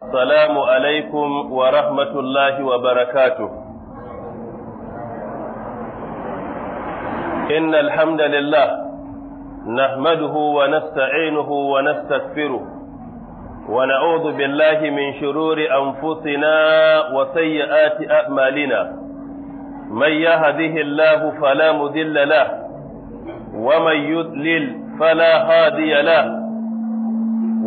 Salamu alaikum wa rahmatullahi wa barakatuh. Inna alhamdulillah, nahmaduhu wa nasta'inuhu wa nastaghfiruh wa na'udhu billahi min shiruri anfusina wa sayyiati a'malina. من يهده الله فلا مذل له ومن يضلل فلا هادي له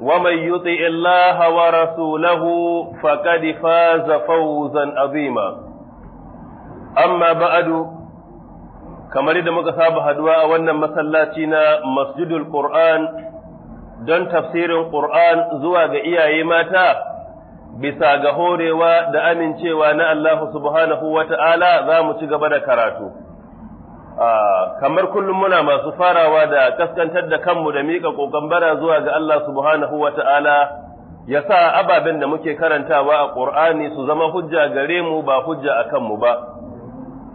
ومن يطع الله ورسوله فقد فاز فوزا عظيما أما بعد kamar da muka saba haduwa a wannan masallaci na masjidul Qur'an don tafsirin Qur'an zuwa ga iyaye mata bisa ga horewa da amincewa na Allah subhanahu wa ta'ala za mu ci gaba da karatu. Ah, kamar kullum muna masu farawa da kaskantar da kanmu da miƙa ƙoƙon bara zuwa ga Allah subhanahu wa ta'ala ya sa ababen da muke karantawa a ƙur'ani su zama hujja gare mu ba hujja a kanmu ba.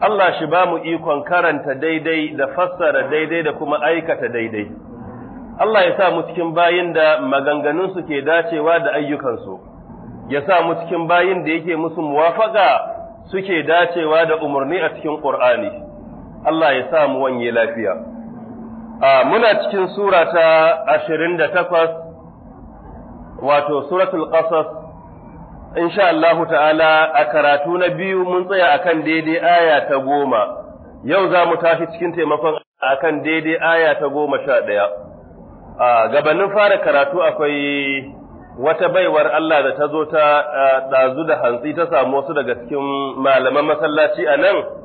Allah shi ba mu ikon karanta daidai da fassara daidai da kuma aikata daidai. Allah ya sa mu cikin bayin da maganganunsu ke dacewa da ayyukansu, ya sa mu cikin bayin da yake musu muwafaka suke dacewa da umarni a cikin ƙur'ani. Allah ya sa mu wanye lafiya a muna cikin sura ta takwas, wato suratul qasas insha Allah ta'ala a karatu na biyu mun tsaya akan daidai aya ta goma yau za mu tashi cikin taimakon akan daidai aya ta goma sha ɗaya. A gabanin fara karatu akwai wata baiwar Allah da ta zo ta ɗazu da hantsi ta samu wasu daga cikin malaman masallaci a nan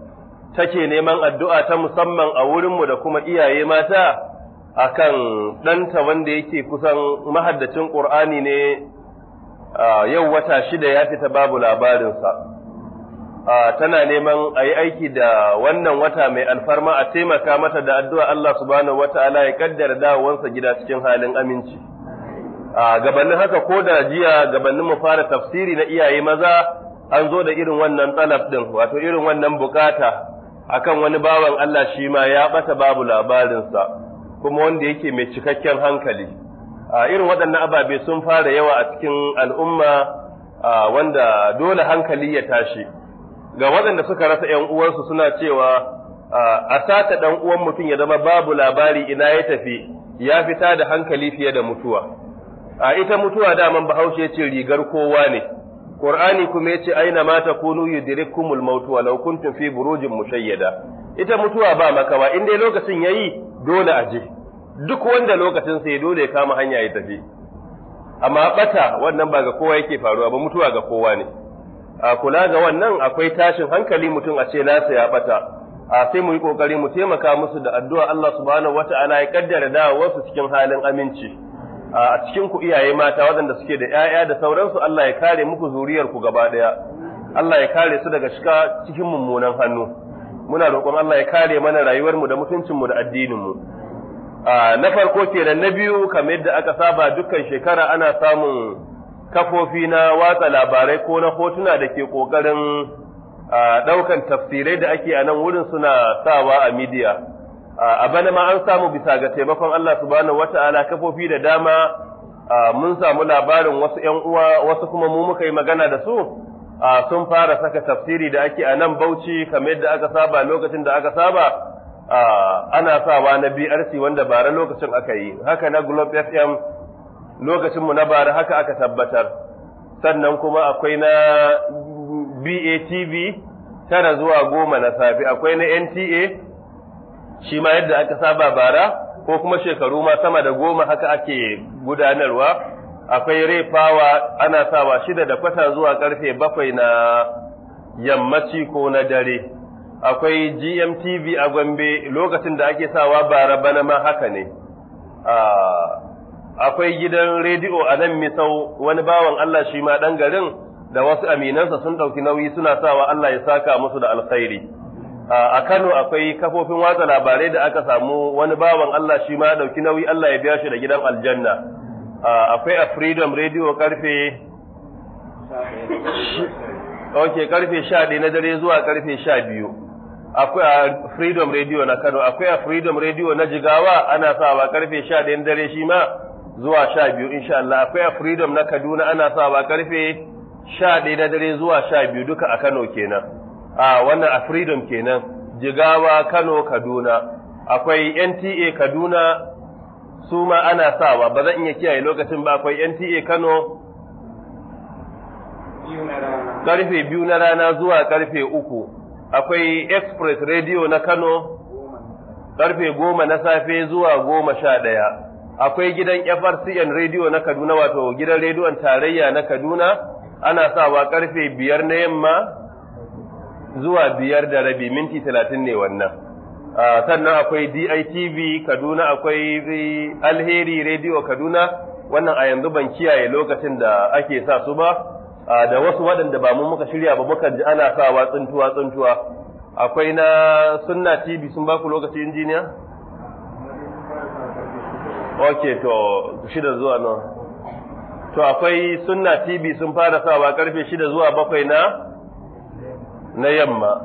take neman addu'a ta musamman a wurinmu da kuma iyaye mata a kan ɗanta wanda yake kusan mahaddacin ƙur'ani ne yau wata shida ya fita babu labarinsa. Tana neman a yi aiki da wannan wata mai alfarma a taimaka mata da addu'a Allah subhanahu wa ta'ala ya kaddara dawowansa gida cikin halin aminci. Gabanin haka ko da jiya gabanin mu fara tafsiri na iyaye maza an zo da irin wannan tsalaf ɗin, wato irin wannan bukata akan wani bawan Allah shi ma ya ɓata babu labarinsa kuma wanda yake mai cikakken hankali a irin waɗannan ababe sun fara yawa a cikin al'umma wanda dole hankali ya tashi ga waɗanda suka rasa ‘yan uwansu suna cewa a sata ɗan uwan mutum ya zama babu labari ina ya tafi ya fita da hankali fiye da mutuwa a ita mutuwa daman bahaushe ce rigar kowa ne Qur'ani kuma yace aina ma takunu yudrikumul maut wa law kuntum fi burujin mushayyada. Ita mutuwa ba makawa in dai lokacin yayi dole a je. Duk wanda lokacin sai dole ya kama hanya ya tafi. Amma bata wannan ba ga kowa yake faruwa ba mutuwa ga kowa ne. A kula ga wannan akwai tashin hankali mutum a ce nasa ya bata. A sai mu yi kokari mu taimaka musu da addu'a Allah subhanahu wata'ala ya kaddara dawo wasu cikin halin aminci. a cikin ku iyaye mata waɗanda suke da ƴaƴa da sauransu Allah ya kare muku zuriyar ku gaba ɗaya Allah ya kare su daga shiga cikin mummunan hannu muna roƙon Allah ya kare mana rayuwar mu da mutuncin mu da addinin mu na farko kenan na biyu kamar yadda aka saba dukkan shekara ana samun kafofi na watsa labarai ko na hotuna da ke ƙoƙarin ɗaukan tafsirai da ake a nan wurin suna sawa a midiya. a bana ma an samu bisa ga taimakon Allah subhanahu wata'ala kafofi da dama mun samu labarin wasu 'yan uwa wasu kuma mu muka yi magana da su sun fara saka tafsiri da ake a nan Bauchi kamar yadda aka saba lokacin da aka saba ana sawa na BRC wanda bara lokacin aka yi haka na Globe FM lokacinmu na bara haka aka tabbatar sannan kuma akwai na BATV tara zuwa goma na safe akwai na NTA shi ma yadda aka saba bara ko kuma shekaru ma sama da goma haka ake gudanarwa akwai refawa ana sawa shida da kwata zuwa karfe bakwai na yammaci ko na dare akwai gmtv a gombe lokacin da ake sawa bara bana ma haka ne ah, akwai gidan rediyo a nan misau wani bawan allah shi ma ɗan garin da wasu aminansa sun ɗauki nauyi suna sawa allah ya saka musu da alkhairi a Kano akwai kafofin watsa labarai da aka samu wani bawan Allah shi ma ya dauki nauyi Allah ya biya shi da gidan aljanna akwai a Freedom Radio karfe Ok, karfe 11 na dare zuwa karfe sha biyu. Akwai a Freedom Radio na Kano, akwai a Freedom Radio na Jigawa ana sawa karfe sha na dare shi ma zuwa sha biyu insha Allah. Akwai a Freedom na Kaduna ana sawa karfe sha na dare zuwa sha biyu duka a Kano kenan. a wannan a freedom kenan jigawa kano kaduna akwai nta kaduna su ma ana sawa ba zan iya kiyaye lokacin ba akwai nta kano karfe biyu na rana zuwa karfe uku akwai express radio na kano karfe goma na safe zuwa goma sha ɗaya akwai gidan frcn radio na kaduna wato gidan rediyon tarayya na kaduna ana sawa karfe biyar na yamma zuwa biyar da rabi minti talatin ne wannan sannan akwai DITV Kaduna akwai Alheri Radio Kaduna wannan a yanzu ban kiyaye lokacin da ake sa su ba da wasu waɗanda ba mu muka shirya ba muka ji ana sawa tsuntuwa tsuntuwa akwai na Sunna TV sun ba ku lokaci injiniya Ok to shida zuwa nan to akwai Sunna TV sun fara sawa karfe shida zuwa bakwai na na yamma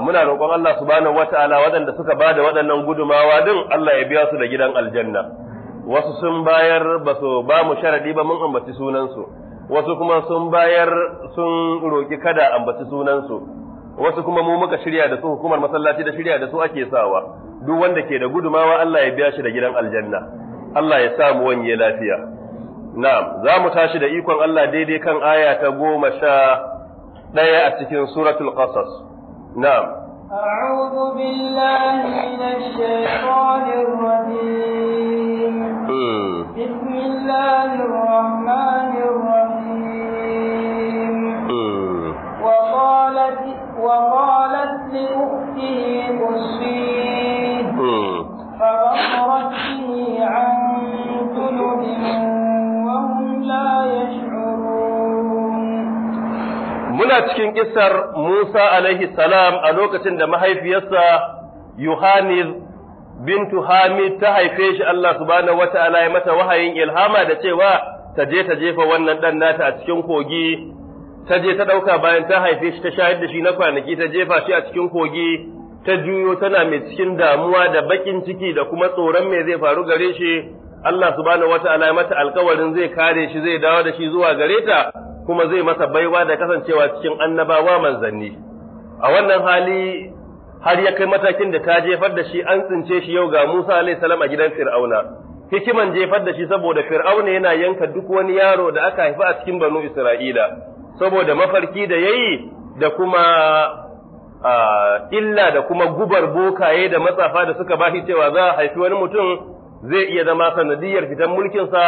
muna roƙon Allah subhanahu wata'ala waɗanda suka ba da waɗannan gudumawa din Allah ya biya su da gidan aljanna wasu sun bayar ba su ba mu sharadi ba mun ambaci sunansu wasu kuma sun bayar sun roƙi kada ambaci sunansu wasu kuma mu muka shirya da su hukumar masallaci da shirya da su ake sawa duk wanda ke da gudumawa Allah ya biya shi da gidan aljanna Allah ya sa mu wanye lafiya na'am za mu tashi da ikon Allah daidai kan aya ta goma sha لا يأتي في سورة القصص نعم أعوذ بالله من الشيطان الرجيم بسم الله الرحمن الرحيم وقالت وقالت لأخته muna cikin kisar Musa alaihi salam a lokacin da mahaifiyarsa Yohanis bintu Hamid ta haife shi Allah subhanahu wata'ala ya mata wahayin ilhama da cewa ta je ta jefa wannan dan nata a cikin kogi ta je ta ɗauka bayan ta haife shi ta shayar da shi na kwanaki ta jefa shi a cikin kogi ta juyo tana mai cikin damuwa da bakin ciki da kuma tsoron me zai faru gare shi Allah subhanahu wata'ala ya mata alkawarin zai kare shi zai dawo da shi zuwa gare ta kuma zai masa baiwa da kasancewa cikin annabawa manzanni a wannan hali har ya kai matakin da ta jefar da shi an tsince shi yau ga Musa alayhi salam a gidan Fir'auna hikiman jefar da shi saboda Fir'auna yana yanka duk wani yaro da aka haifa a cikin Banu Isra'ila saboda mafarki da yayi da kuma illa da kuma gubar bokaye da matsafa da suka bashi cewa za a haifi wani mutum zai iya zama sanadiyar fitan sa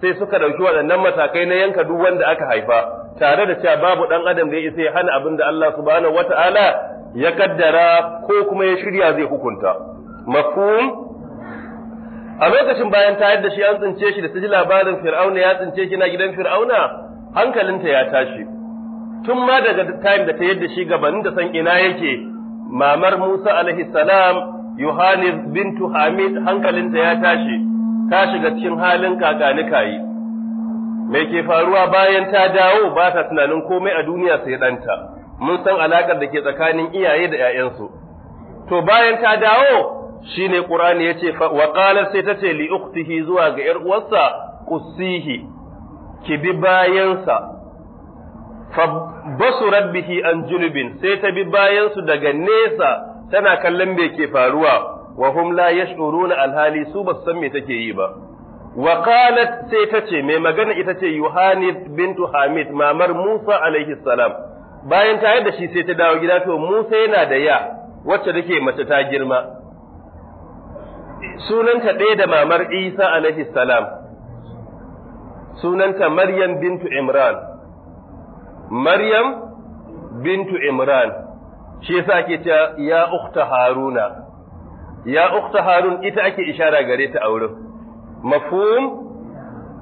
sai suka ɗauki waɗannan matakai na yanka duk wanda aka haifa tare da cewa babu ɗan adam da ya isa ya hana abin da Allah subhanahu wata'ala ya kaddara ko kuma ya shirya zai hukunta mafhum a lokacin bayan ta yadda shi an tsince shi da ta ji labarin fir'auna ya tsince shi na gidan fir'auna hankalinta ya tashi tun ma daga time da ta yadda shi gabanin da san ina yake mamar Musa alaihi salam Yohanis bintu Hamid hankalinta ya tashi, ta shiga cikin halin kakanikaye. Mai ke faruwa bayan ta dawo ba ta tunanin komai a duniya sai ɗanta, mun san alaƙar da ke tsakanin iyaye da ‘ya'yansu. To bayan ta dawo shi ne ƙurani ya ce, waƙalar sai ta ce li zuwa ga ‘yar uwarsa ƙusihi, ki bi bayansa, fa basu rabbihi an sai ta bi bayansu daga nesa tana kallon me ke faruwa wa hum la yash'uruna alhali su ba san me take yi ba wa qalat sai ta ce mai magana ita ce yuhani bintu Hamid mamar Musa alaihi salam bayan ta yadda shi sai ta dawo gida to Musa yana da ya wacce take mace ta girma sunanta ɗaya da mamar Isa alaihi salam sunanta Maryam bintu Imran Maryam bintu Imran shi yasa ake cewa ya ukhta haruna ya ukhta harun ita ake ishara gare ta a wurin mafhum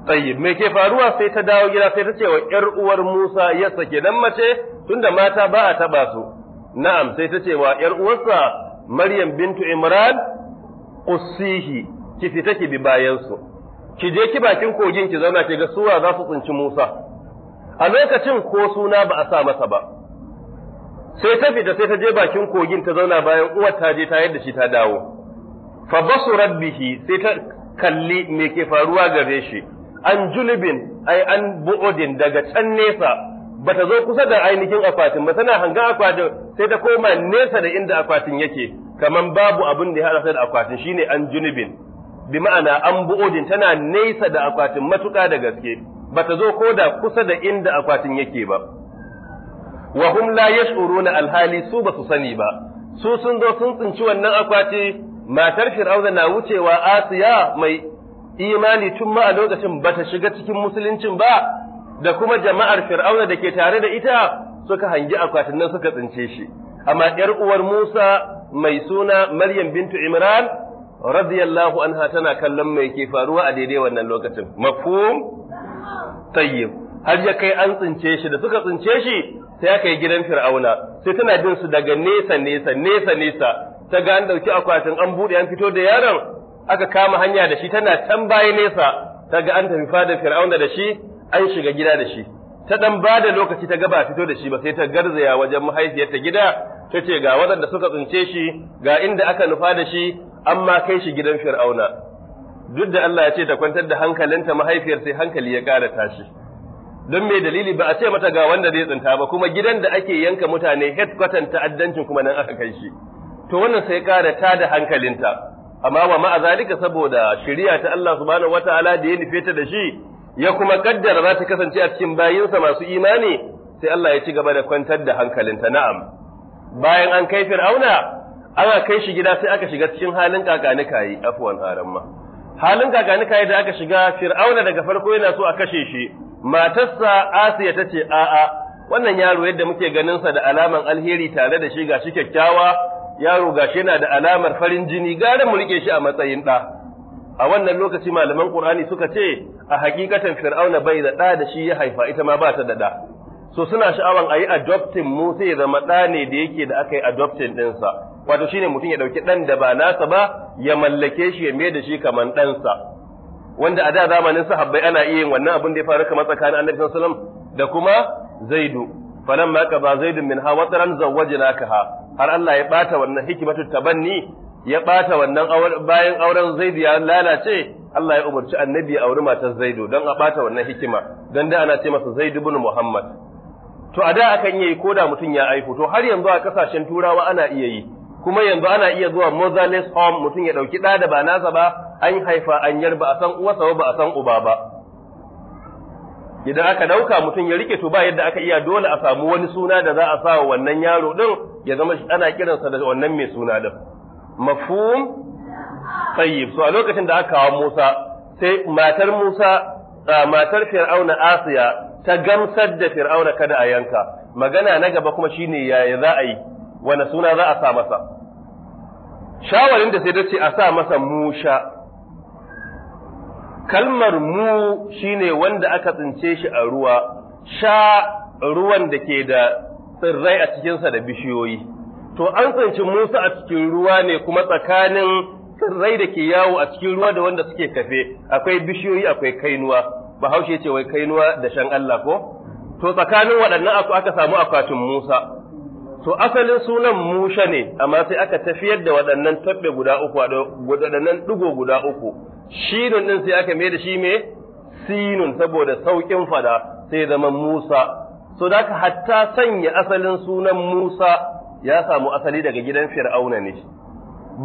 tayyib me ke faruwa sai ta dawo gida sai ta ce wa 'yar uwar Musa ya sake dan mace tunda mata ba a taba su na'am sai ta ce wa 'yar uwarsa Maryam bintu Imran qussihi ki fita ki bi bayan su ki je ki bakin kogin ki zauna ki ga suwa za su tsinci Musa a lokacin ko suna ba a sa masa ba sai ta fita sai ta je bakin kogin ta zauna bayan uwar ta je ta yadda shi ta dawo fa basurat bihi sai ta kalli me ke faruwa gare shi an julubin ai an bu'udin daga can nesa bata zo kusa da ainihin akwatin ba tana hanga akwatin sai ta koma nesa da inda akwatin yake kaman babu abin da ya hada da akwatin shine an junubin bi ma'ana an bu'udin tana nesa da akwatin matuka da gaske bata zo ko da kusa da inda akwatin yake ba wa hum la yash'uruna alhali su basu sani ba su sun zo sun tsinci wannan akwati matar fir'auna na wucewa asiya mai imani tun ma a lokacin bata shiga cikin musuluncin ba da kuma jama'ar fir'auna da ke tare da ita suka hangi akwatin nan suka tsince shi amma yar uwar Musa mai suna Maryam bintu Imran radiyallahu anha tana kallon mai ke faruwa a daidai wannan lokacin mafhum tayyib har ya kai an tsince shi da suka tsince shi sai aka yi gidan fir'auna sai tana jin su daga nesa nesa nesa nesa ta ga an dauki akwatin an bude an fito da yaron aka kama hanya da shi tana can baya nesa ta ga an tafi fada fir'auna da shi an shiga gida da shi ta dan ba da lokaci ta ga ba fito da shi ba sai ta garzaya wajen mahaifiyarta gida ta ce ga waɗanda suka tsince shi ga inda aka nufa da shi an ma kai shi gidan fir'auna duk da Allah ya ce ta kwantar da hankalinta mahaifiyar sai hankali ya ƙara tashi don mai dalili ba a ce mata ga wanda zai tsinta ba kuma gidan da ake yanka mutane headquarter ta'addancin kuma nan aka kai shi to wannan sai kara ta da hankalinta amma wa ma'azalika saboda shari'a ta Allah subhanahu wataala da ya nufe ta da shi ya kuma kaddara za ta kasance a cikin bayinsa masu imani sai Allah ya ci gaba da kwantar da hankalinta na'am bayan an kai fir'auna aka kai shi gida sai aka shiga cikin halin kakanika yi afwan haramma halin kakanika da aka shiga fir'auna daga farko yana so a kashe shi matarsa Asiya ta ce a'a wannan yaro yadda muke ganin sa da alaman alheri tare da shi ga shi kyakkyawa yaro ga shi yana da alamar farin jini gare mu rike shi a matsayin ɗa a wannan lokaci malaman ƙur'ani suka ce a hakikatan Fir'auna bai da ɗa da shi ya haifa ita ma ba ta da ɗa so suna sha'awan a yi adopting mu sai zama ɗa ne da yake da aka yi adoptin ɗinsa wato shine mutum ya ɗauki ɗan da ba nasa ba ya mallake shi ya mai da shi kamar ɗansa wanda a da zamanin sahabbai ana iya yin wannan abin da ya faru kamar tsakanin annabi sallallahu alaihi wasallam da kuma zaidu falamma qada zaidun minha wataran ha. har Allah ya bata wannan hikimatu tabanni ya bata wannan bayan auren zaidu ya lalace Allah ya umarci annabi ya auri matar zaidu don a bata wannan hikima dan da ana ce masa zaidu ibn muhammad to a da akan yi ko da mutum ya aihu to har yanzu a kasashen turawa ana iya yi kuma yanzu ana iya zuwa motherless home mutum ya ɗauki ɗa da ba nasa ba an haifa an yar ba a san uwarsa ba a san uba ba idan aka ɗauka mutum ya rike to ba yadda aka iya dole a samu wani suna da za a sa wa wannan yaro ɗin ya zama ana kiransa da wannan mai suna ɗin mafhum tayyib so a lokacin da aka kawo Musa sai matar Musa matar Fir'auna Asiya ta gamsar da Fir'auna kada a yanka magana na gaba kuma shine yaya za a yi wani suna za a sa masa shawarin da sai ta ce a sa masa musha kalmar mu shine wanda aka tsince shi a ruwa sha ruwan da ke da tsirrai a cikinsa da bishiyoyi to an tsinci musa a cikin ruwa ne kuma tsakanin tsirrai da ke yawo a cikin ruwa da wanda suke kafe akwai bishiyoyi akwai kainuwa bahaushe ce wai kainuwa da shan Allah ko to tsakanin waɗannan aka samu akwatin musa To asalin sunan Musa ne, amma sai aka tafiyar da waɗannan tabbe guda uku, waɗannan ɗigo guda uku, shinun din sai aka mai da shi me sinun saboda sauƙin fada sai zama Musa. So da hatta sanya asalin sunan Musa ya samu asali daga gidan Fir'auna ne,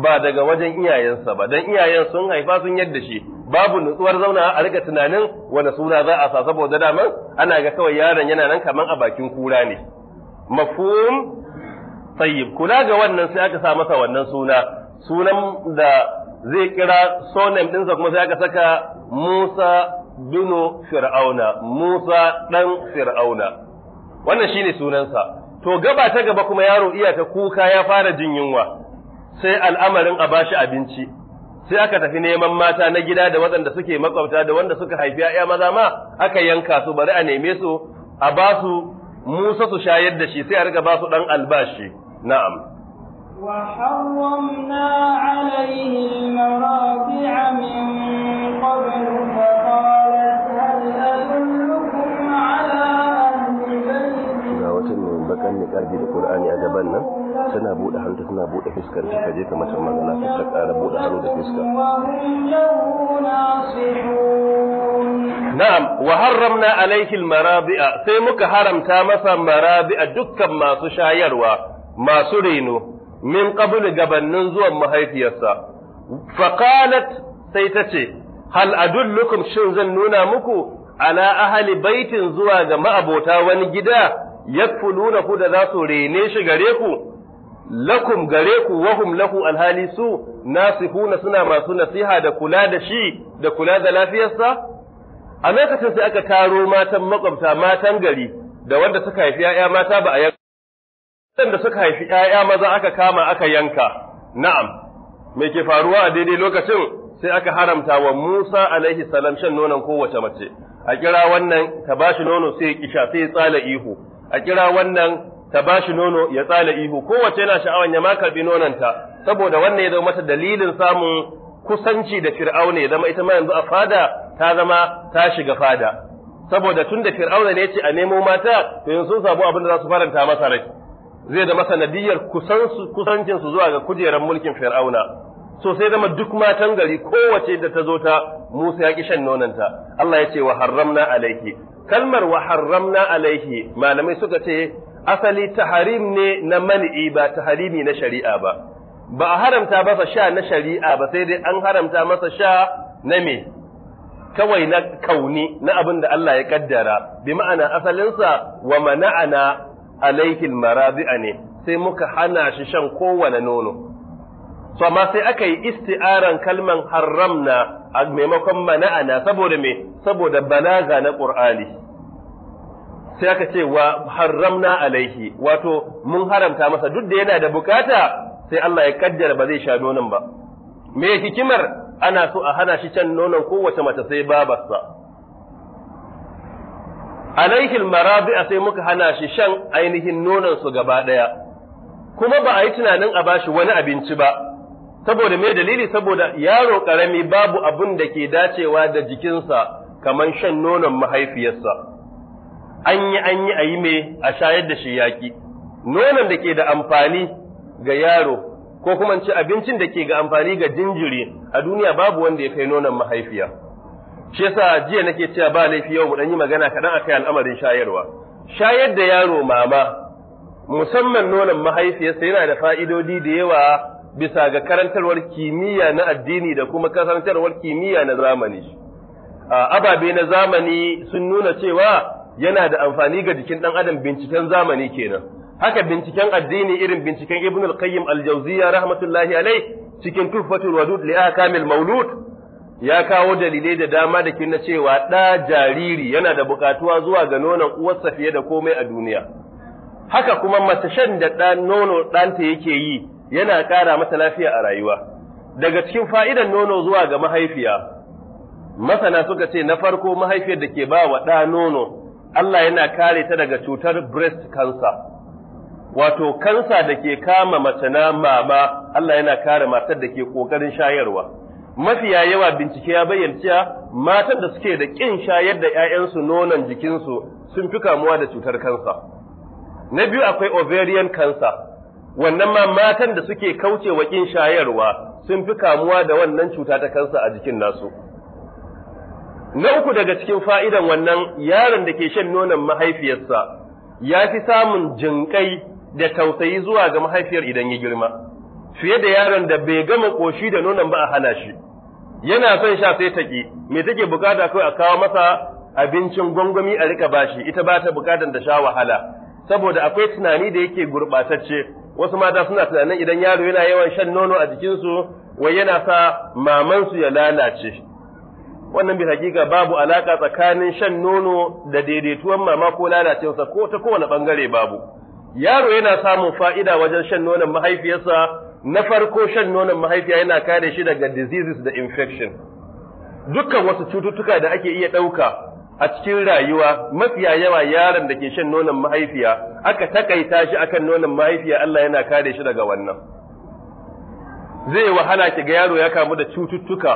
ba daga wajen iyayensa ba, don iyayen sun haifa sun yadda shi, babu nutsuwar zauna a rika tunanin wani suna za a sa saboda daman ana ga kawai yaron yana nan kaman a bakin kura ne. mafhum tayyib kula ga wannan sai aka sa masa wannan suna sunan da zai kira sonem ɗinsa kuma sai aka saka Musa binu Fir'auna, Musa ɗan Fir'auna. Wannan shi ne sunansa. To gaba ta gaba kuma yaro iya ta kuka ya fara jin yunwa, sai al'amarin a bashi abinci, sai aka tafi neman mata na gida da waɗanda suke makwabta da wanda suka haifi ‘ya'ya maza ma aka yanka su bari a neme su a ba su Musa su shayar da shi sai a riga ba su ɗan albashi na'am وحرمنا عليه المراضع من قبل فقالت هل أدلكم على bakan ne karfi da Qur'ani a gaban nan suna bude hannu suna bude fuskar ta kaje kamar magana ta ƙara bude hannu da fuska Na'am, wa haramna alaikil marabi'a, sai muka haramta masa marabi'a dukkan masu shayarwa, masu reno, min ƙabul gabannin zuwan mahaifiyarsa. Fakalat sai ta ce, Hal adullukum shin zan nuna muku ala ahali baitin zuwa ga ma'abota wani gida, yakfuluna ku da za su rene shi gare ku, lakum gare ku wahum laku alhali su nasihuna suna masu nasiha da kula da shi da kula da lafiyarsa? a lokacin sai aka taro matan makwabta matan gari da wanda suka haifi ‘ya'ya mata ba a yanka, da suka haifi ‘ya'ya maza aka kama aka yanka, na'am, me ke faruwa a daidai lokacin sai aka haramta wa Musa alaihi salam shan nonon kowace mace, a kira wannan ta ba shi nono sai ya kisha sai ya tsala ihu, a kira wannan ta ba nono ya tsala ihu, kowace yana sha'awan ya ma karɓi nononta, saboda wannan ya zama mata dalilin samun kusanci da fir'auna ya zama ita ma yanzu a fada ta zama ta shiga fada saboda tun da fir'auna ne ce a nemo mata to yanzu sun sabo abin da za su faranta masa rai zai da masanadiyar kusancin su zuwa ga kujerar mulkin fir'auna so sai zama duk matan gari kowace da ta zo ta Musa ya ki shan nonanta Allah ya ce wa harramna alaihi kalmar wa harramna alaihi malamai suka ce asali taharim ne na mani'i ba taharimi na shari'a ba ba a haramta masa sha na shari'a ba sai dai an haramta masa sha na me kawai na kauni na abin da Allah ya kaddara bi ma'ana asalinsa wa mana'ana alaikil maradi'a ne sai muka hana shi shan kowane nono so amma sai aka yi isti'aran kalman haramna a maimakon mana'ana saboda me saboda balaga na qur'ani sai aka ce wa haramna alaihi wato mun haramta masa duk da yana da bukata sai Allah ya kaddara ba zai sha nonon ba me hikimar ana so a hana shi can nonon kowace mace sai babarsa alaihil a sai muka hana shi shan ainihin nonon su gaba daya kuma ba a yi tunanin a bashi wani abinci ba saboda me dalili saboda yaro karami babu abun da ke dacewa da jikinsa kamar shan nonon mahaifiyarsa an yi an yi a yi me a shayar da shi yaƙi nonon da ke da amfani ga yaro ko kuma ci abincin da ke ga amfani ga jinjiri a duniya babu wanda ya kai nonon mahaifiya shi yasa jiya nake cewa ba laifi yau mu dan yi magana kaɗan akai al'amarin shayarwa shayar da yaro mama musamman nonon mahaifiyarsa yana da fa'idodi da yawa bisa ga karantarwar kimiyya na addini da kuma karantarwar kimiyya na zamani ababe na zamani sun nuna cewa yana da amfani ga jikin ɗan adam binciken zamani kenan haka binciken addini irin binciken Ibn al-Qayyim al-Jawziyya rahmatullahi alayh cikin Tuhfatul Wadud li Akamil Maulud ya kawo dalilai da dama da kin cewa da jariri yana da bukatuwa zuwa ga nonon uwarsa fiye da komai a duniya haka kuma mace shan da dan nono ɗanta yake yi yana ƙara masa lafiya a rayuwa daga cikin fa'idan nono zuwa ga mahaifiya masana suka ce na farko mahaifiyar da ke ba wa ɗa nono Allah yana kare ta daga cutar breast cancer wato kansa da ke kama mace na mama Allah yana kare matar da ke ƙoƙarin shayarwa mafiya yawa bincike ya bayyana cewa matan da suke da kin shayar da 'ya'yansu nonon jikinsu sun fi kamuwa da cutar kansa na biyu akwai ovarian kansa, wannan ma matan da suke kauce wa ƙin shayarwa sun fi kamuwa da wannan cuta ta kansa a jikin nasu na uku daga cikin fa'idan wannan yaron da ke shan nonon mahaifiyarsa ya fi samun jinƙai da tausayi zuwa ga mahaifiyar idan ya girma fiye da yaron da bai gama koshi da nonon ba a hana shi yana son sha sai take me take bukata kawai a kawo masa abincin gwangwami a rika bashi ita ba ta bukatar da sha wahala saboda akwai tunani da yake gurbatacce wasu mata suna tunanin idan yaro yana yawan shan nono a jikinsu wai yana sa mamansu ya lalace wannan bi hakika babu alaka tsakanin shan nono da daidaituwan mama ko lalacewarsa ko ta kowane bangare babu yaro yana samun fa'ida wajen shan nonon mahaifiyarsa na farko shan nonon mahaifiya yana kare shi daga diseases da infection dukkan wasu cututtuka da ake iya ɗauka a cikin rayuwa mafiya yawa yaron da ke shan nonon mahaifiya aka takaita shi akan nonon mahaifiya Allah yana kare shi daga wannan zai wahala ki ga yaro ya kamu da cututtuka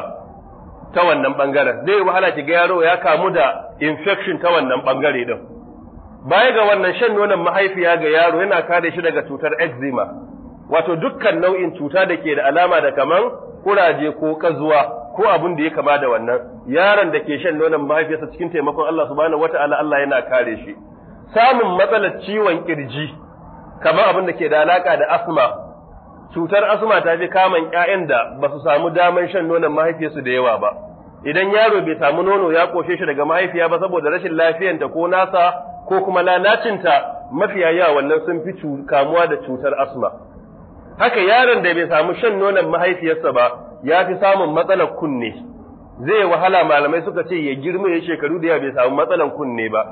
ta wannan bangaren zai wahala ki ga yaro ya kamu da infection ta wannan bangare din baya ga wannan shan nonon mahaifiya ga yaro yana kare shi daga cutar eczema wato dukkan nau'in cuta da ke da alama da kaman kuraje ko kazuwa ko abin da ya kama da wannan yaron da ke shan nonon mahaifiyarsa cikin taimakon Allah subhanahu wata'ala Allah yana kare shi samun matsalar ciwon kirji kaman abin da ke da alaka da asma cutar asma ta fi kaman ƴaƴan da ba su samu daman shan nonon mahaifiyarsu da yawa ba idan yaro bai samu nono ya koshe shi daga mahaifiya ba saboda rashin lafiyanta ko nasa ko kuma lalacinta mafiya yawa wannan sun fi kamuwa da cutar asma haka yaron da bai samu shan nonon mahaifiyarsa ba ya fi samun matsalar kunne zai wahala malamai suka ce ya girma ya shekaru da ya bai samu matsalar kunne ba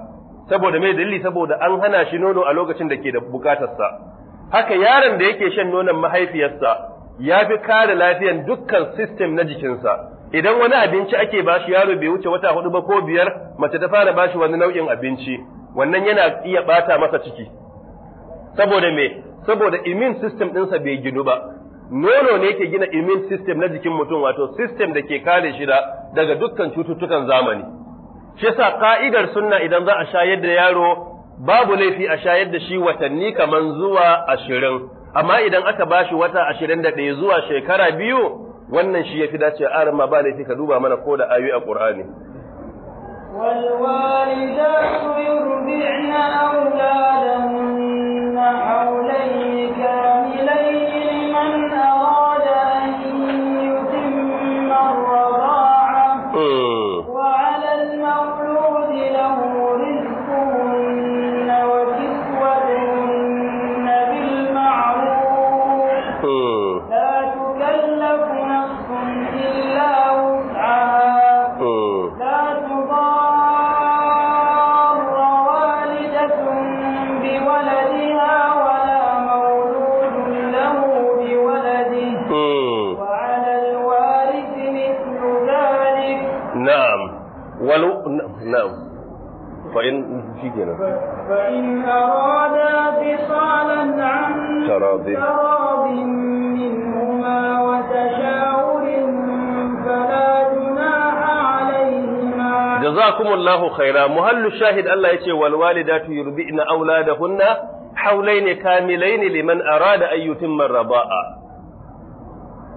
saboda mai dalili saboda an hana shi nono a lokacin da ke da bukatarsa haka yaron da yake shan nonon mahaifiyarsa ya fi kare lafiyar dukkan sistem na jikinsa idan wani abinci ake bashi yaro bai wuce wata hudu ba ko biyar mace ta fara bashi wani nau'in abinci wannan yana iya bata masa ciki saboda me saboda immune system Dinsa bai ginu ba nono ne yake gina immune system na jikin mutum wato system da ke kare shi daga dukkan cututtukan zamani shi yasa ka'idar sunna idan za a shayar da yaro babu laifi a shayar da shi watanni kaman zuwa ashirin amma idan aka bashi wata ashirin da ɗaya zuwa shekara biyu wannan shi ya fi dace a ma ba laifi ka duba mana ko da ayoyi a ƙur'ani والوالدات يربعن أولادهن حولين كاملين إن أرادا فصالا عن تراض منهما وتشاور فلا جناح عليهما جزاكم الله خيرا مهل الشاهد الله يتي والوالدات يربئن أولادهن حولين كاملين لمن أراد أن يتم الرضاء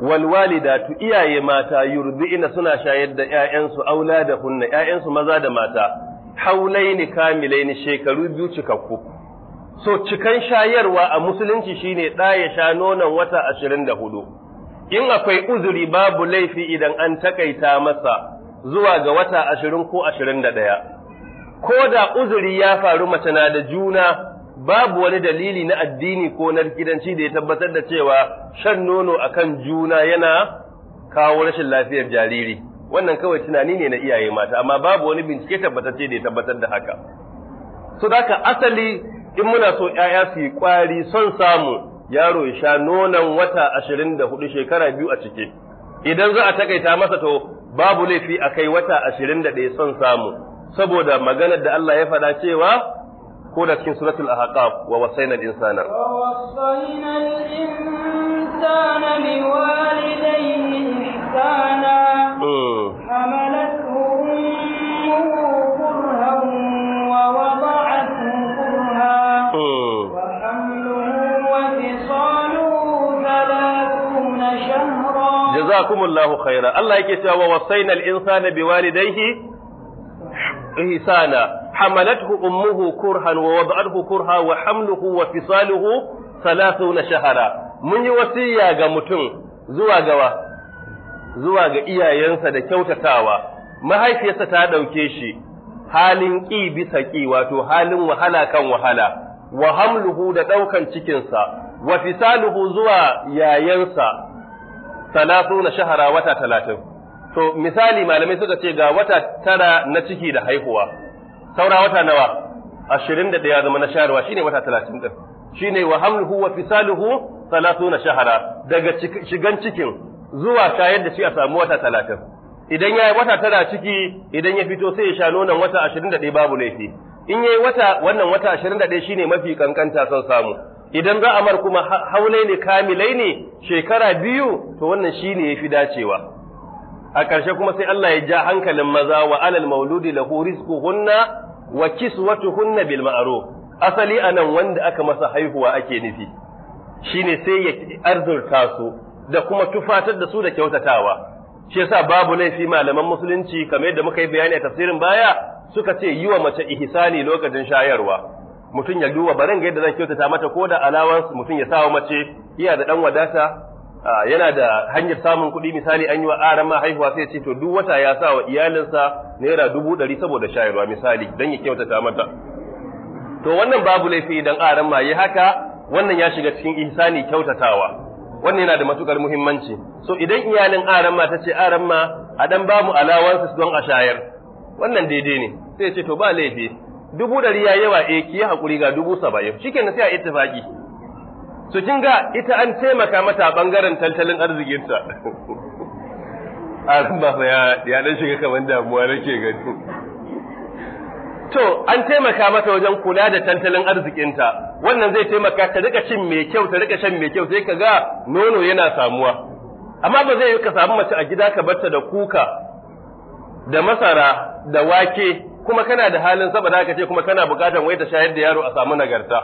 والوالدات إياي ماتا yurdina سنا shayar da ƴaƴansu أولادهن ƴaƴansu maza da ماتا haulaini kamilaini shekaru biyu cikakku so cikan shayarwa a musulunci shine ɗa ya sha nonon wata ashirin da hudu in akwai uzuri babu laifi idan an takaita masa zuwa ga wata ashirin ko ashirin da ɗaya ko da uzuri ya faru mace na da juna babu wani dalili na addini ko na gidanci da ya tabbatar da cewa shan nono akan juna yana kawo rashin lafiyar jariri wannan kawai tunani ne na iyaye mata amma babu wani bincike tabbatacce da ya tabbatar da haka so daka asali in muna so 'ya'ya su yi ƙwari son samu yaro ya sha nonon wata ashirin da hudu shekara biyu a cike idan za a takaita masa to babu laifi a kai wata ashirin da ɗaya son samu saboda maganar da Allah ya faɗa cewa ko da cikin suratul ahqaf wa wasaina al-insana wa wasaina al-insana walidayhi إنسانا حملته أمه كرها ووضعته كرها وحمله وفصاله ثلاثون شهرا جزاكم الله خيرا الله يكتب ووصينا الإنسان بوالديه إحسانا حملته أمه كرها ووضعته كرها وحمله وفصاله ثلاثون شهرا mun yi wasiya ga mutum zuwa gawa zuwa ga iyayensa da kyautatawa mahaifiyarsa ta ɗauke shi halin ƙi bisa ƙi wato halin wahala kan wahala wa hamluhu da ɗaukan cikinsa wa fisaluhu zuwa yayansa salatu na shahara wata talatin to misali malamai suka ce ga wata tara na ciki da haihuwa saura wata nawa ashirin da ɗaya zama na shayarwa shine wata talatin ɗin shine wa hamluhu wa fisaluhu salatu na shahara daga shigan cikin zuwa shayar da shi a samu wata talatin idan ya yi wata tara ciki idan ya fito sai ya sha nonon wata ashirin da ɗaya babu laifi in ya yi wata wannan wata ashirin da ɗaya shine mafi kankanta son samu idan za a mar kuma haulai ne kamilai ne shekara biyu to wannan shine ya fi dacewa a ƙarshe kuma sai Allah ya ja hankalin maza wa alal mauludi lahu hunna wa hunna bil ma'ruf asali a nan wanda aka masa haihuwa ake nufi shine sai ya arzurta su da kuma tufatar da su da kyautatawa shi yasa babu laifi malaman musulunci kamar yadda muka yi bayani a tafsirin baya suka ce yi wa mace ihsani lokacin shayarwa mutum ya duba barin ga yadda zan kyautata mata ko da allowance mutum ya sawa mace iya da dan wadata yana da hanyar samun kuɗi misali an yi wa aran ma haihuwa sai ce to duk wata ya sa wa iyalinsa naira dubu ɗari saboda shayarwa misali don ya kyautata mata to wannan babu laifi idan aran ma yi haka wannan ya shiga cikin ihsani kyautatawa wannan yana da matukar muhimmanci so idan iyalin aramma ta ce ma a dan ba mu alawansu don a shayar wannan daidai ne sai ce to ba laifi dubu ɗari ya yawa eh ki hakuri ga dubu saba'in na sai a ittifaki su kin ga ita an taimaka mata a bangaren tattalin ta a ba ya ya dan shiga kaman damuwa nake gani to an taimaka mata wajen kula da tantalin arzikinta wannan zai taimaka ta rika cin mai kyau ta rika shan mai kyau sai ka ga nono yana samuwa amma ba zai yi ka samu mace a gida ka barta da kuka da masara da wake kuma kana da halin saboda ka ce kuma kana bukatar wai ta shayar da yaro a samu nagarta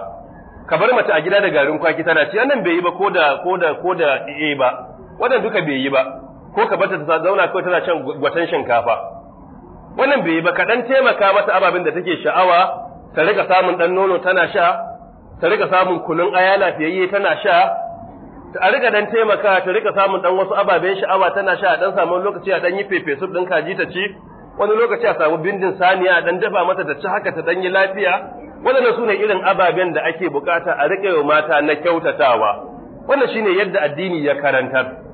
ka bar mace a gida da garin kwaki tana ci annan bai yi ba ko da ko da ko da eh ba wannan duka bai yi ba ko ka barta ta zauna kawai tana shan gwatan shinkafa wannan bai ba kaɗan taimaka mata ababen da take sha'awa ta rika samun ɗan nono tana sha ta rika samun kunun aya lafiyayye tana sha ta rika dan taimaka ta rika samun dan wasu ababen sha'awa tana sha a dan samu lokaci a dan yi fefesu ɗin kaji ta ci wani lokaci a samu bindin saniya a dan dafa mata ta ci haka ta dan yi lafiya waɗannan su ne irin ababen da ake bukata a rika yau mata na kyautatawa wannan shine yadda addini ya karantar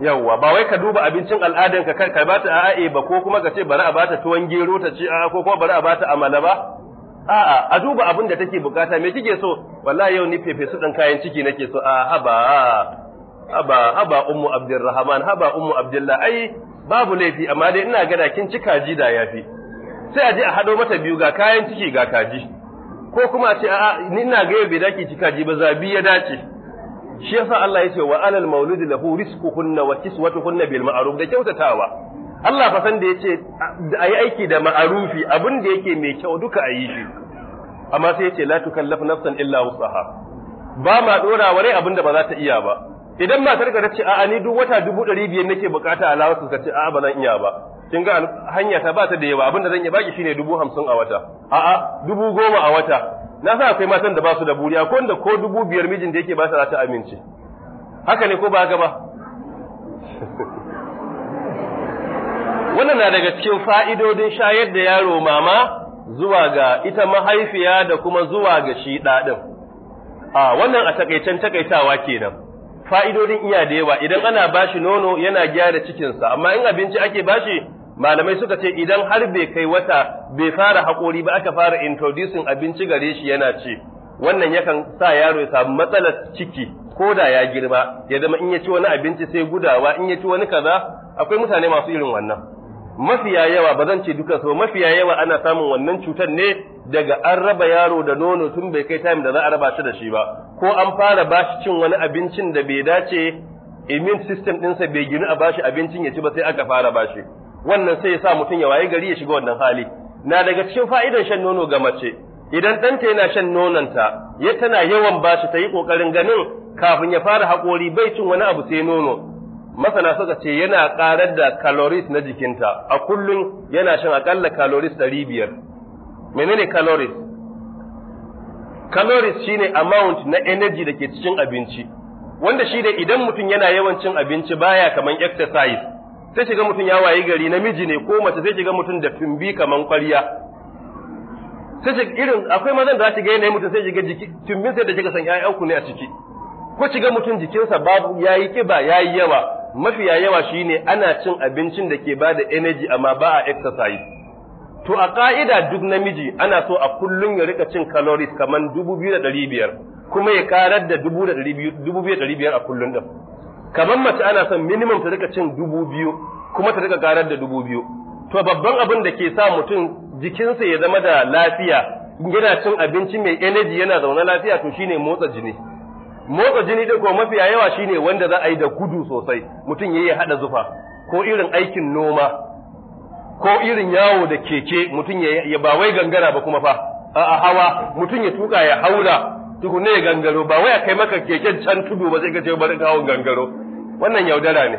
yawwa ba wai ka duba abincin al'adan ka ka bata a'a eh, ba ko kuma ka ce bari a bata tuwon gero ta ci a'a ko kuma bari a bata amala ba a'a a duba abin da take bukata me kike so wallahi yau ni fefe su dan kayan ciki nake so a haba haba haba ummu abdurrahman haba ummu abdullah ai babu laifi amma dai ina gada kin ci kaji da yafi sai a je a hado mata biyu ga kayan ciki ga kaji ko kuma a ce a'a ni ina ga yau bai daki ci kaji ba zabi ya dace shi yasa Allah ya ce wa alal mauludi lahu rizquhunna wa kiswatuhunna bil ma'ruf da kyautatawa Allah fa san da yace ayi aiki da ma'arufi abin da yake mai kyau duka ayi shi amma sai yace la tukallaf nafsan illa wusaha ba ma dora wa rai abin da ba za ta iya ba idan matar ka tace a'a ni duk wata dubu ɗari biyar nake bukata allowance ka ce a'a ba zan iya ba kin ga hanya ta ba ta da yawa abin da zan iya baki shine dubu hamsin a wata a'a dubu goma a wata na sa akwai matan da ba su da buri ko wanda ko dubu biyar mijin da yake ba su ta amince haka ne ko ba haka ba wannan na daga cikin fa'idodin shayar da yaro mama zuwa ga ita mahaifiya da kuma zuwa ga shi ɗaɗin a wannan a takaicen takaitawa kenan fa'idodin iya da yawa idan ana ba shi nono yana gyara cikinsa amma in abinci ake bashi malamai suka ce idan har bai kai wata bai fara haƙori ba aka fara introducing abinci gare shi yana ce wannan yakan sa yaro ya samu matsalar ciki ko da ya girma ya zama in ya ci wani abinci sai gudawa in ya ci wani kaza akwai mutane masu irin wannan mafiya yawa ba zan ce duka so mafiya yawa ana samun wannan cutar ne daga an raba yaro da nono tun bai kai time da za a raba shi da shi ba ko an fara bashi cin wani abincin da bai dace immune system ɗinsa bai ginu a bashi abincin ya ci ba sai aka fara bashi wannan sai ya sa mutum ya waye gari ya shiga wannan hali na daga cikin fa'idan shan nono ga mace idan ɗanta yana shan nononta ya tana yawan ba shi ta yi ƙoƙarin ganin kafin ya fara haƙori bai cin wani abu sai nono masana suka ce yana ƙarar da calories na jikinta a kullum yana shan aƙalla calories ɗari biyar menene calories calories shine amount na energy da ke cikin abinci wanda shi da idan mutum yana yawan cin abinci baya kamar exercise sai shiga mutum ya waye gari namiji ne ko mace sai shiga mutum da tumbi kaman kwariya sai shiga irin akwai mazan da za shiga yanayin mutum sai shiga jiki tumbin sai da shiga san ƴaƴan ku ne a ciki ko shiga mutum jikinsa babu yayi kiba yayi yawa mafiya yawa shine ana cin abincin da ke bada energy amma ba a exercise To a ƙa'ida duk namiji ana so a kullum ya rika cin calories kamar dubu biyu da ɗari biyar kuma ya ƙarar da dubu da ɗari biyar a kullum ɗin. kamar mace ana son minimum ta rika cin dubu biyu kuma ta rika garar da dubu biyu to babban abin da ke sa mutum jikinsa ya zama da lafiya yana cin abinci mai energy yana zaune lafiya to shine motsa jini motsa jini da kuma mafiya yawa shine wanda za a yi da gudu sosai mutum yayi hada zufa ko irin aikin noma ko irin yawo da keke mutum ya ba wai gangara ba kuma fa a hawa mutum ya tuka ya haura tukunne ya gangaro ba wai a kai maka keken can tudu ba sai ka ce bari kawo gangaro wannan yaudara ne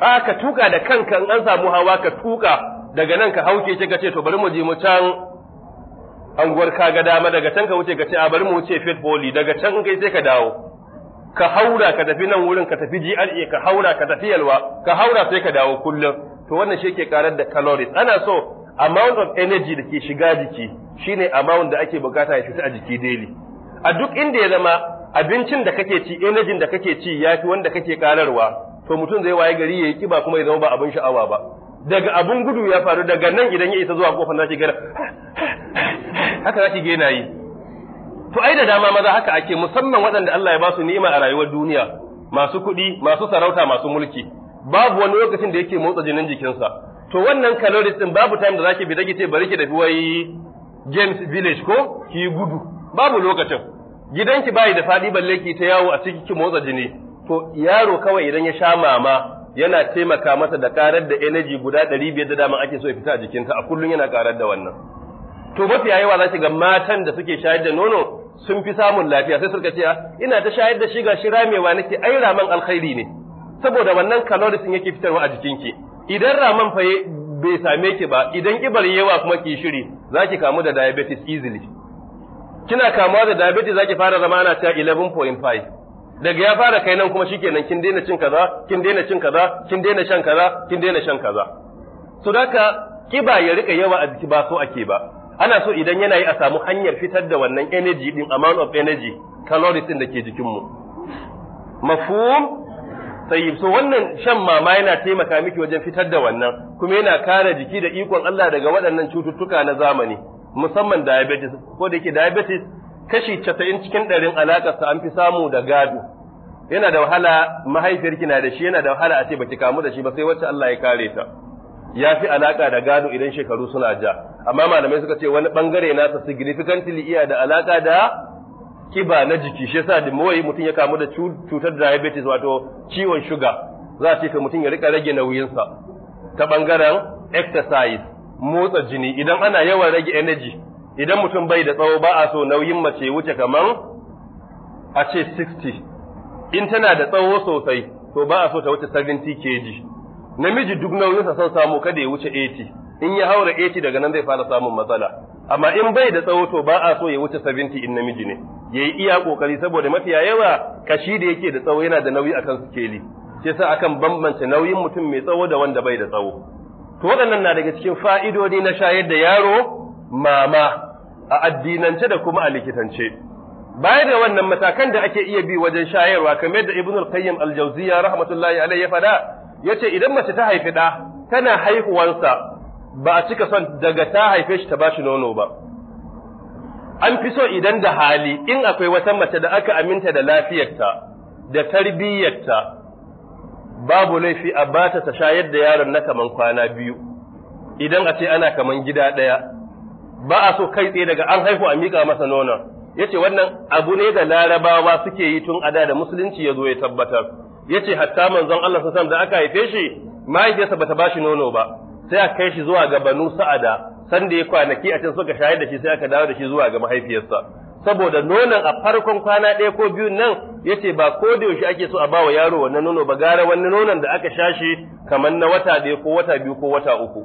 a ah, ka tuka da kanka in an samu hawa ka tuka daga nan ka hauce ce ka ce to bari mu je mu can anguwar ka ga dama daga can ka wuce ka ce a bari mu wuce fit boli daga can kai sai ka dawo ka haura ka tafi nan wurin ka tafi GRA ka haura ka tafi yalwa ka haura sai ka dawo kullum to wannan shi ke karar da calories ana so amount of energy da ke shiga jiki shine amount da ake bukata ya fita a jiki daily a duk inda ya zama abincin da kake ci energy da kake ci yafi wanda kake kararwa to mutum zai waye gari yayi kiba kuma ya zama ba abin sha'awa ba daga abun gudu ya faru daga nan idan ya isa zuwa kofar zaki gara haka zaki ga yi to ai da dama maza haka ake musamman waɗanda Allah ya ba su ni'ima a rayuwar duniya masu kuɗi masu sarauta masu mulki babu wani lokacin da yake motsa jinin jikinsa to wannan calories din babu time da zaki bi dage ce bari ki dafi wai James Village ko ki gudu babu lokacin gidanki bai da faɗi balle ki ta yawo a cikin ki motsa jini to yaro kawai idan ya sha mama yana taimaka masa da karar da energy guda ɗari biyar da dama ake so ya fita a jikinta a kullum yana karar da wannan to mafi yawa za ki ga matan da suke shayar da nono sun fi samun lafiya sai suka ce ah, ina ta shayar da shi ga shi ramewa nake ai raman alkhairi ne saboda wannan calories din yake fitarwa a ki. idan raman fa bai same ki ba idan kibar yawa kuma ki shiri zaki kamu da diabetes easily kina kamuwa da diabetes zaki fara zama ana cewa 11.5 daga ya fara kai nan kuma shikenan kin daina cin kaza kin daina cin kaza kin daina shan kaza kin daina shan kaza to daka kiba ya rika yawa a jiki ba so ake ba ana so idan yana yi a samu hanyar fitar da wannan energy din amount of energy calories din da ke jikinmu mafhum tayyib so wannan shan mama yana taimaka miki wajen fitar da wannan kuma yana kare jiki da ikon Allah daga waɗannan cututtuka na zamani musamman diabetes ko da yake diabetes kashi casa'in cikin ɗarin sa an fi samu da gado yana da wahala mahaifiyar na da shi yana da wahala a ce baki kamu da shi ba sai wacce Allah ya kare ta ya fi alaƙa da gado idan shekaru suna ja amma malamai suka ce wani ɓangare nasa significantly iya da alaƙa da kiba na jiki shi yasa da mawai mutum ya kamu da cutar diabetes wato ciwon shuga za a ce mutum ya rika rage nauyinsa ta ɓangaren exercise motsa jini idan ana yawan rage energy idan mutum bai da tsawo ba a so nauyin mace wuce kaman a ce 60 in tana da tsawo sosai to ba a so ta wuce 70 kg namiji duk nauyinsa son samu kada ya wuce 80 in ya haura 80 daga nan zai fara samun matsala amma in bai da tsawo to ba a so ya wuce 70 in namiji ne yayi iya kokari saboda mafiya yawa kashi da yake da tsawo yana da nauyi akan sikeli sai sa akan bambance nauyin mutum mai tsawo da wanda bai da tsawo to waɗannan na daga cikin fa'idodi na shayar da yaro mama a addinance da kuma a likitance Bayan da wannan matakan da ake iya bi wajen shayarwa kamar da ibn al-qayyim al-jawziya rahmatullahi alayhi ya ce yace idan mace ta haifi ɗa tana haihuwansa ba a cika son daga ta haife shi ta ba shi nono ba an fi so idan da hali in akwai wata mace da aka aminta da lafiyarta da tarbiyyarta babu laifi a bata ta shayar da yaron na kaman kwana biyu idan a ce ana kaman gida ɗaya ba a so kai tsaye daga an haihu a miƙa masa nonon Ya ce wannan abu ne da larabawa suke yi tun ada da musulunci ya zo ya tabbatar Ya ce hatta manzon Allah sallallahu da aka haife shi mahaifiyarsa ba ta ba shi nono ba sai a kai shi zuwa ga banu sa'ada sanda ya kwanaki a can suka shayar da shi sai aka dawo da shi zuwa ga mahaifiyarsa saboda nonon a farkon kwana ɗaya ko biyun nan ya ce ba ko da yaushe ake so a bawa yaro wannan nono ba gara wani nonon da aka sha shi kamar na wata ɗaya ko wata biyu ko wata uku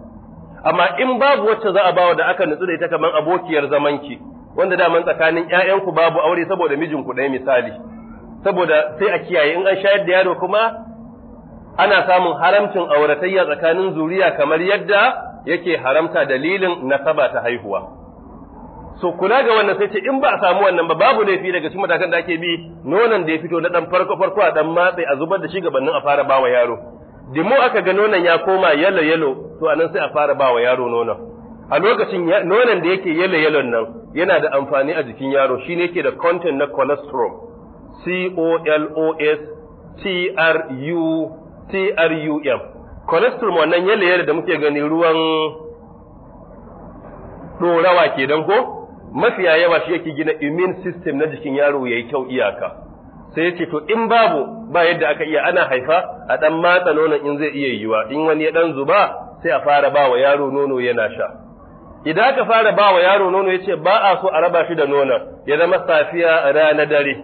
amma in babu wacce za a bawa da aka nutsu da ita kamar abokiyar zamanki wanda daman tsakanin ƴaƴanku babu aure saboda mijinku ɗaya misali saboda sai a kiyaye in an shayar da yaro kuma ana samun haramcin auratayya tsakanin zuriya kamar yadda yake haramta dalilin nasaba ta haihuwa so kula ga wannan sai ce in ba a samu wannan ba babu laifi daga cikin matakan da ake bi nonon da ya fito na dan farko farko a dan matse a zubar da shi gabanin a fara bawa yaro dimo aka ga nonon ya koma yalo yalo to anan sai a fara bawa yaro nonon a lokacin nonon da yake yalo yalon nan yana da amfani a jikin yaro shine yake da content na cholesterol C O L O S T R U T R U M cholesterol wannan yalo yalo da muke gani ruwan dorawa kenan ko mafiya yawa shi yake gina immune system na jikin yaro yayi kyau iyaka sai yace to in babu ba yadda aka iya ana haifa a dan matsa nonon in zai iya yiwa in wani ya dan zuba sai a fara ba wa yaro nono yana sha idan aka fara ba wa yaro nono yace ba a so a raba shi da nonon ya zama safiya rana dare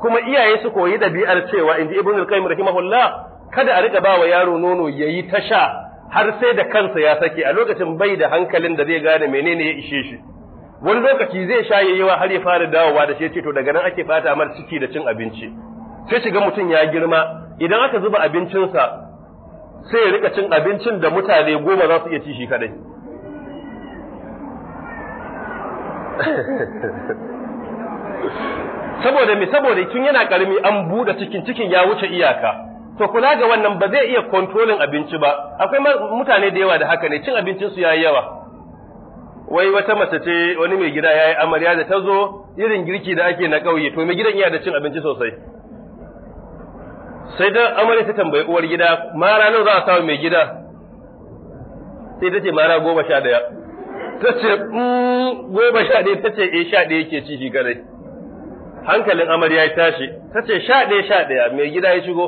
kuma iyaye su koyi dabi'ar cewa inji ibnu al-qayyim rahimahullah kada a rika ba wa yaro nono yayi ta sha har sai da kansa ya sake a lokacin bai da hankalin da zai gane menene ya ishe shi wani lokaci zai sha yayyawa har ya fara dawowa da shi ce to daga nan ake bata mar ciki da cin abinci sai shiga mutum ya girma idan aka zuba abincinsa sai ya rika cin abincin da mutane goma za su iya ci shi kadai saboda me saboda tun yana karami an buɗe cikin cikin ya wuce iyaka to kula ga wannan ba zai iya kontrolin abinci ba akwai mutane da yawa da haka ne cin abincin su yayi yawa wai wata mace ce wani mai gida yayi amarya da ta zo irin girki da ake na ƙauye to mai gidan iya da cin abinci sosai sai da amarya ta tambayi uwar gida ma ranar za a sa mai gida sai ta ce mara goma sha ɗaya ta ce mm, goma sha ɗaya ta ce eh sha ɗaya ke ci shi kadai hankalin amarya ya tashi ta ce sha ɗaya sha ɗaya mai gida ya shigo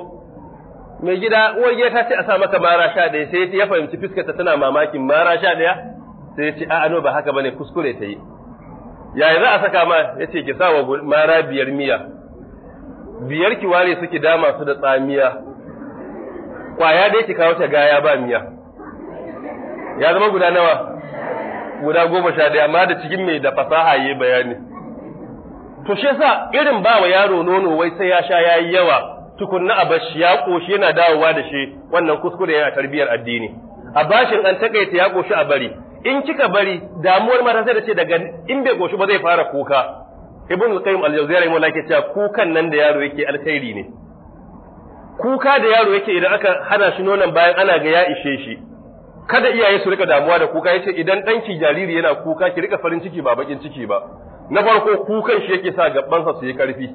mai gida uwar gida ta ce a sa maka mara sha ɗaya sai ya fahimci fuskarta tana mamakin mara sha ɗaya sai ya ce a'a ba haka bane kuskure ta yi yaya za a saka ma ya ce ki sa wa mara biyar miya biyar ki ware suke dama su da tsamiya kwaya dai ki kawo ta gaya ba miya ya zama guda nawa guda goma sha ɗaya amma da cikin mai da fasaha yi bayani to shi yasa irin ba wa yaro nono wai sai ya sha yayi yawa tukunna a bashi ya koshi yana dawowa da shi wannan kuskure yana tarbiyar addini a bashin an takaita ya koshi a bari in kika bari damuwar mata sai da ce daga in bai goshi ba zai fara kuka ibn al-qayyim al-jawziyya rahimahullah yake cewa kukan nan da yaro yake alkhairi ne kuka da yaro yake idan aka hana shi nonon bayan ana ga ya ishe shi kada iyaye su rika damuwa da kuka yace idan danki jariri yana kuka ki rika farin ciki ba bakin ciki ba na farko kukan shi yake sa gabansa su yi karfi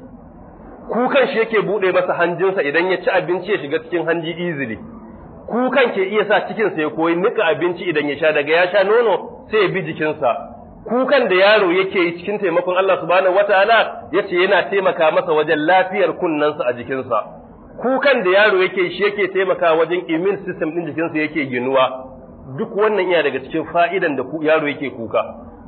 kukan shi yake bude masa hanjinsa idan ya ci abinci ya shiga cikin hanji easily kukan ke iya sa cikinsa ya koyi nika abinci idan ya sha daga ya sha nono sai ya bi jikinsa kukan da yaro yake yi cikin taimakon Allah subhanahu wataala yace yana taimaka masa wajen lafiyar kunnensa a jikinsa kukan da yaro yake shi yake taimaka wajen immune system din jikinsa yake ginuwa duk wannan iya daga cikin fa'idan da yaro yake kuka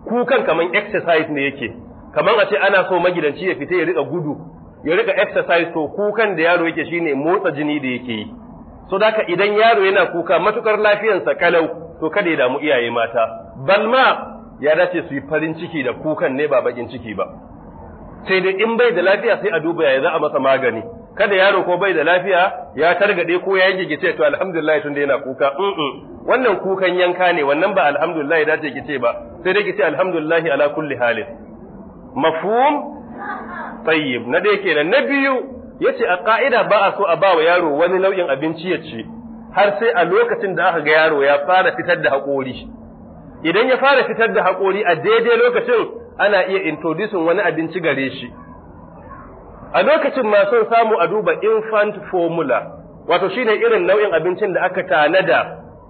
kukan kaman exercise ne yake kaman a ce ana so magidanci ya fita ya rika gudu ya rika exercise to kukan da yaro yake shine motsa jini da yake yi so da ka idan yaro yana kuka matukar sa kalau to kada ya damu iyaye mata balma ya dace su yi farin ciki da kukan ne ba bakin ciki ba sai dai in bai da lafiya sai a duba ya za a masa magani kada yaro ko bai da lafiya ya targade ko ya yi gice to alhamdulillah tun da yana kuka wannan kukan yanka ne wannan ba alhamdulillah ya dace gice ba sai dai gice alhamdulillah ala kulli halin mafhum tayyib na dai kenan na biyu Ya ce a ƙa'ida ba a so a ba wa yaro wani nau'in abinci ya ce har sai a lokacin da aka ga yaro ya fara fitar da haƙori idan ya fara fitar da haƙori a daidai lokacin ana iya introducing wani abinci gare shi a lokacin masu samun samu a duba infant formula wato shine irin nau'in abincin da aka tanada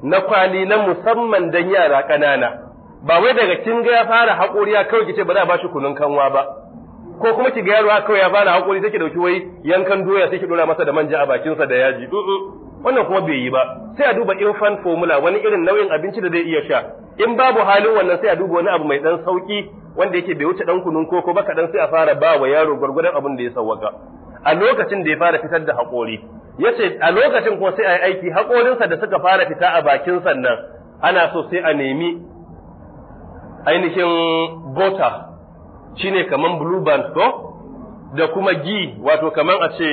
na kwali na musamman don yara ƙanana ba wai daga kin ga ya fara haƙori ya kawai ce ba za a shi kunun kanwa ba ko kuma ki ga yaro kawai ya fara hakuri take dauki wai yankan doya sai ki dora masa da manja a bakin sa da yaji wannan kuma bai yi ba sai a duba infant formula wani irin nau'in abinci da zai iya sha in babu halin wannan sai a duba wani abu mai dan sauki wanda yake bai wuce dan kunun ko ba kadan sai a fara ba wa yaro gwargwadon abin da ya sawwaka a lokacin da ya fara fitar da hakori yace a lokacin kuma sai a yi aiki sa da suka fara fita a bakin sannan ana so sai a nemi ainihin bota ne kaman blue band ko da kuma gi wato kaman a ce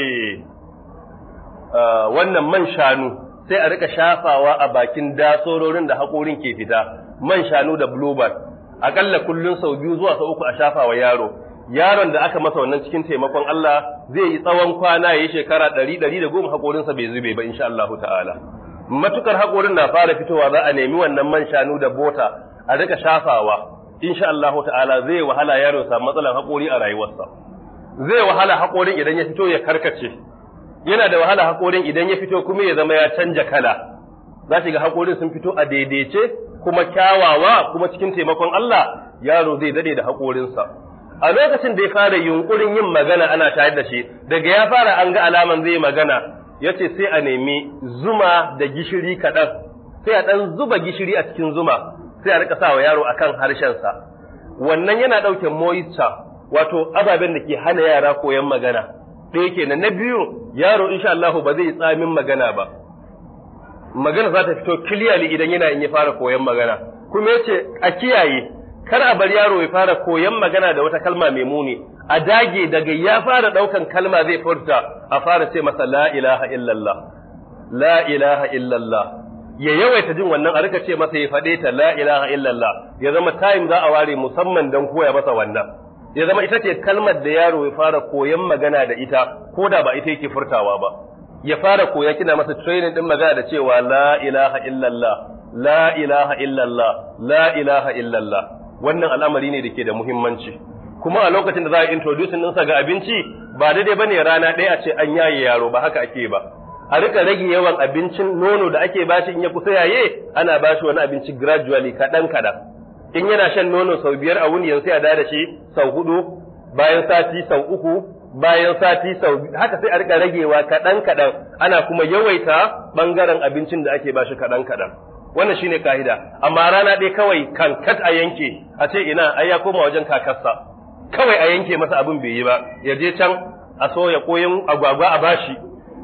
ah, wannan man shanu sai a rika shafawa a bakin dasororin da haƙorin ke fita man shanu da blue band Aƙalla kullum sau biyu zuwa sau uku a shafawa yaro yaron da aka masa wannan cikin taimakon Allah zai yi tsawon kwana ya yi shekara ɗari ɗari da goma haƙorinsa bai zube ba insha Allah ta'ala matukar haƙorin na fara fitowa za a nemi wannan man shanu da bota a rika shafawa insha Allah ta'ala zai wahala yaro sa matsalar haƙori a rayuwarsa zai wahala haƙorin idan ya fito ya karkace yana da wahala haƙorin idan ya fito kuma ya zama ya canja kala za shi ga haƙorin sun fito a daidaice kuma kyawawa kuma cikin taimakon Allah yaro zai daɗe da haƙorinsa a lokacin da ya fara yunkurin yin magana ana tayar da shi daga ya fara an ga alaman zai magana ya ce sai a nemi zuma da gishiri kaɗan sai a ɗan zuba gishiri a cikin zuma sai a rika sawa yaro akan harshensa wannan yana ɗauke moyista wato ababen da ke hana yara koyan magana ɗaya kenan na biyu yaro insha Allah ba zai tsamin magana ba magana za ta fito clearly idan yana in ya fara koyan magana kuma yace a kiyaye kar a bar yaro ya fara koyan magana da wata kalma mai muni a dage daga ya fara ɗaukan kalma zai furta a fara ce masa la ilaha illallah la ilaha illallah ya yawaita jin wannan a rika ce masa ya faɗe ta la ilaha illallah ya zama time za a ware musamman don koya masa wannan ya zama ita ce kalmar da yaro ya fara koyan magana da ita ko da ba ita yake furtawa ba ya fara koya kina masa training din magana da cewa la ilaha illallah la ilaha illallah la ilaha illallah wannan al'amari ne da ke da muhimmanci kuma a lokacin da za a introducing ɗinsa ga abinci ba daidai bane rana ɗaya a ce an yaye yaro ba haka ake ba a rika rage yawan abincin nono da ake bashi in ya kusa yaye ana bashi wani abinci gradually kaɗan kaɗan in yana shan nono sau biyar a wuni yanzu sai a da shi sau hudu bayan sati sau uku bayan sati sau haka sai a rika ragewa kaɗan kaɗan ana kuma yawaita ɓangaren abincin da ake bashi kaɗan kaɗan wannan shine ka'ida amma rana ɗaya kawai kat a yanke a ce ina ai ya koma wajen kakarsa kawai a yanke masa abin bai yi ba ya je can a soya koyin agwagwa a bashi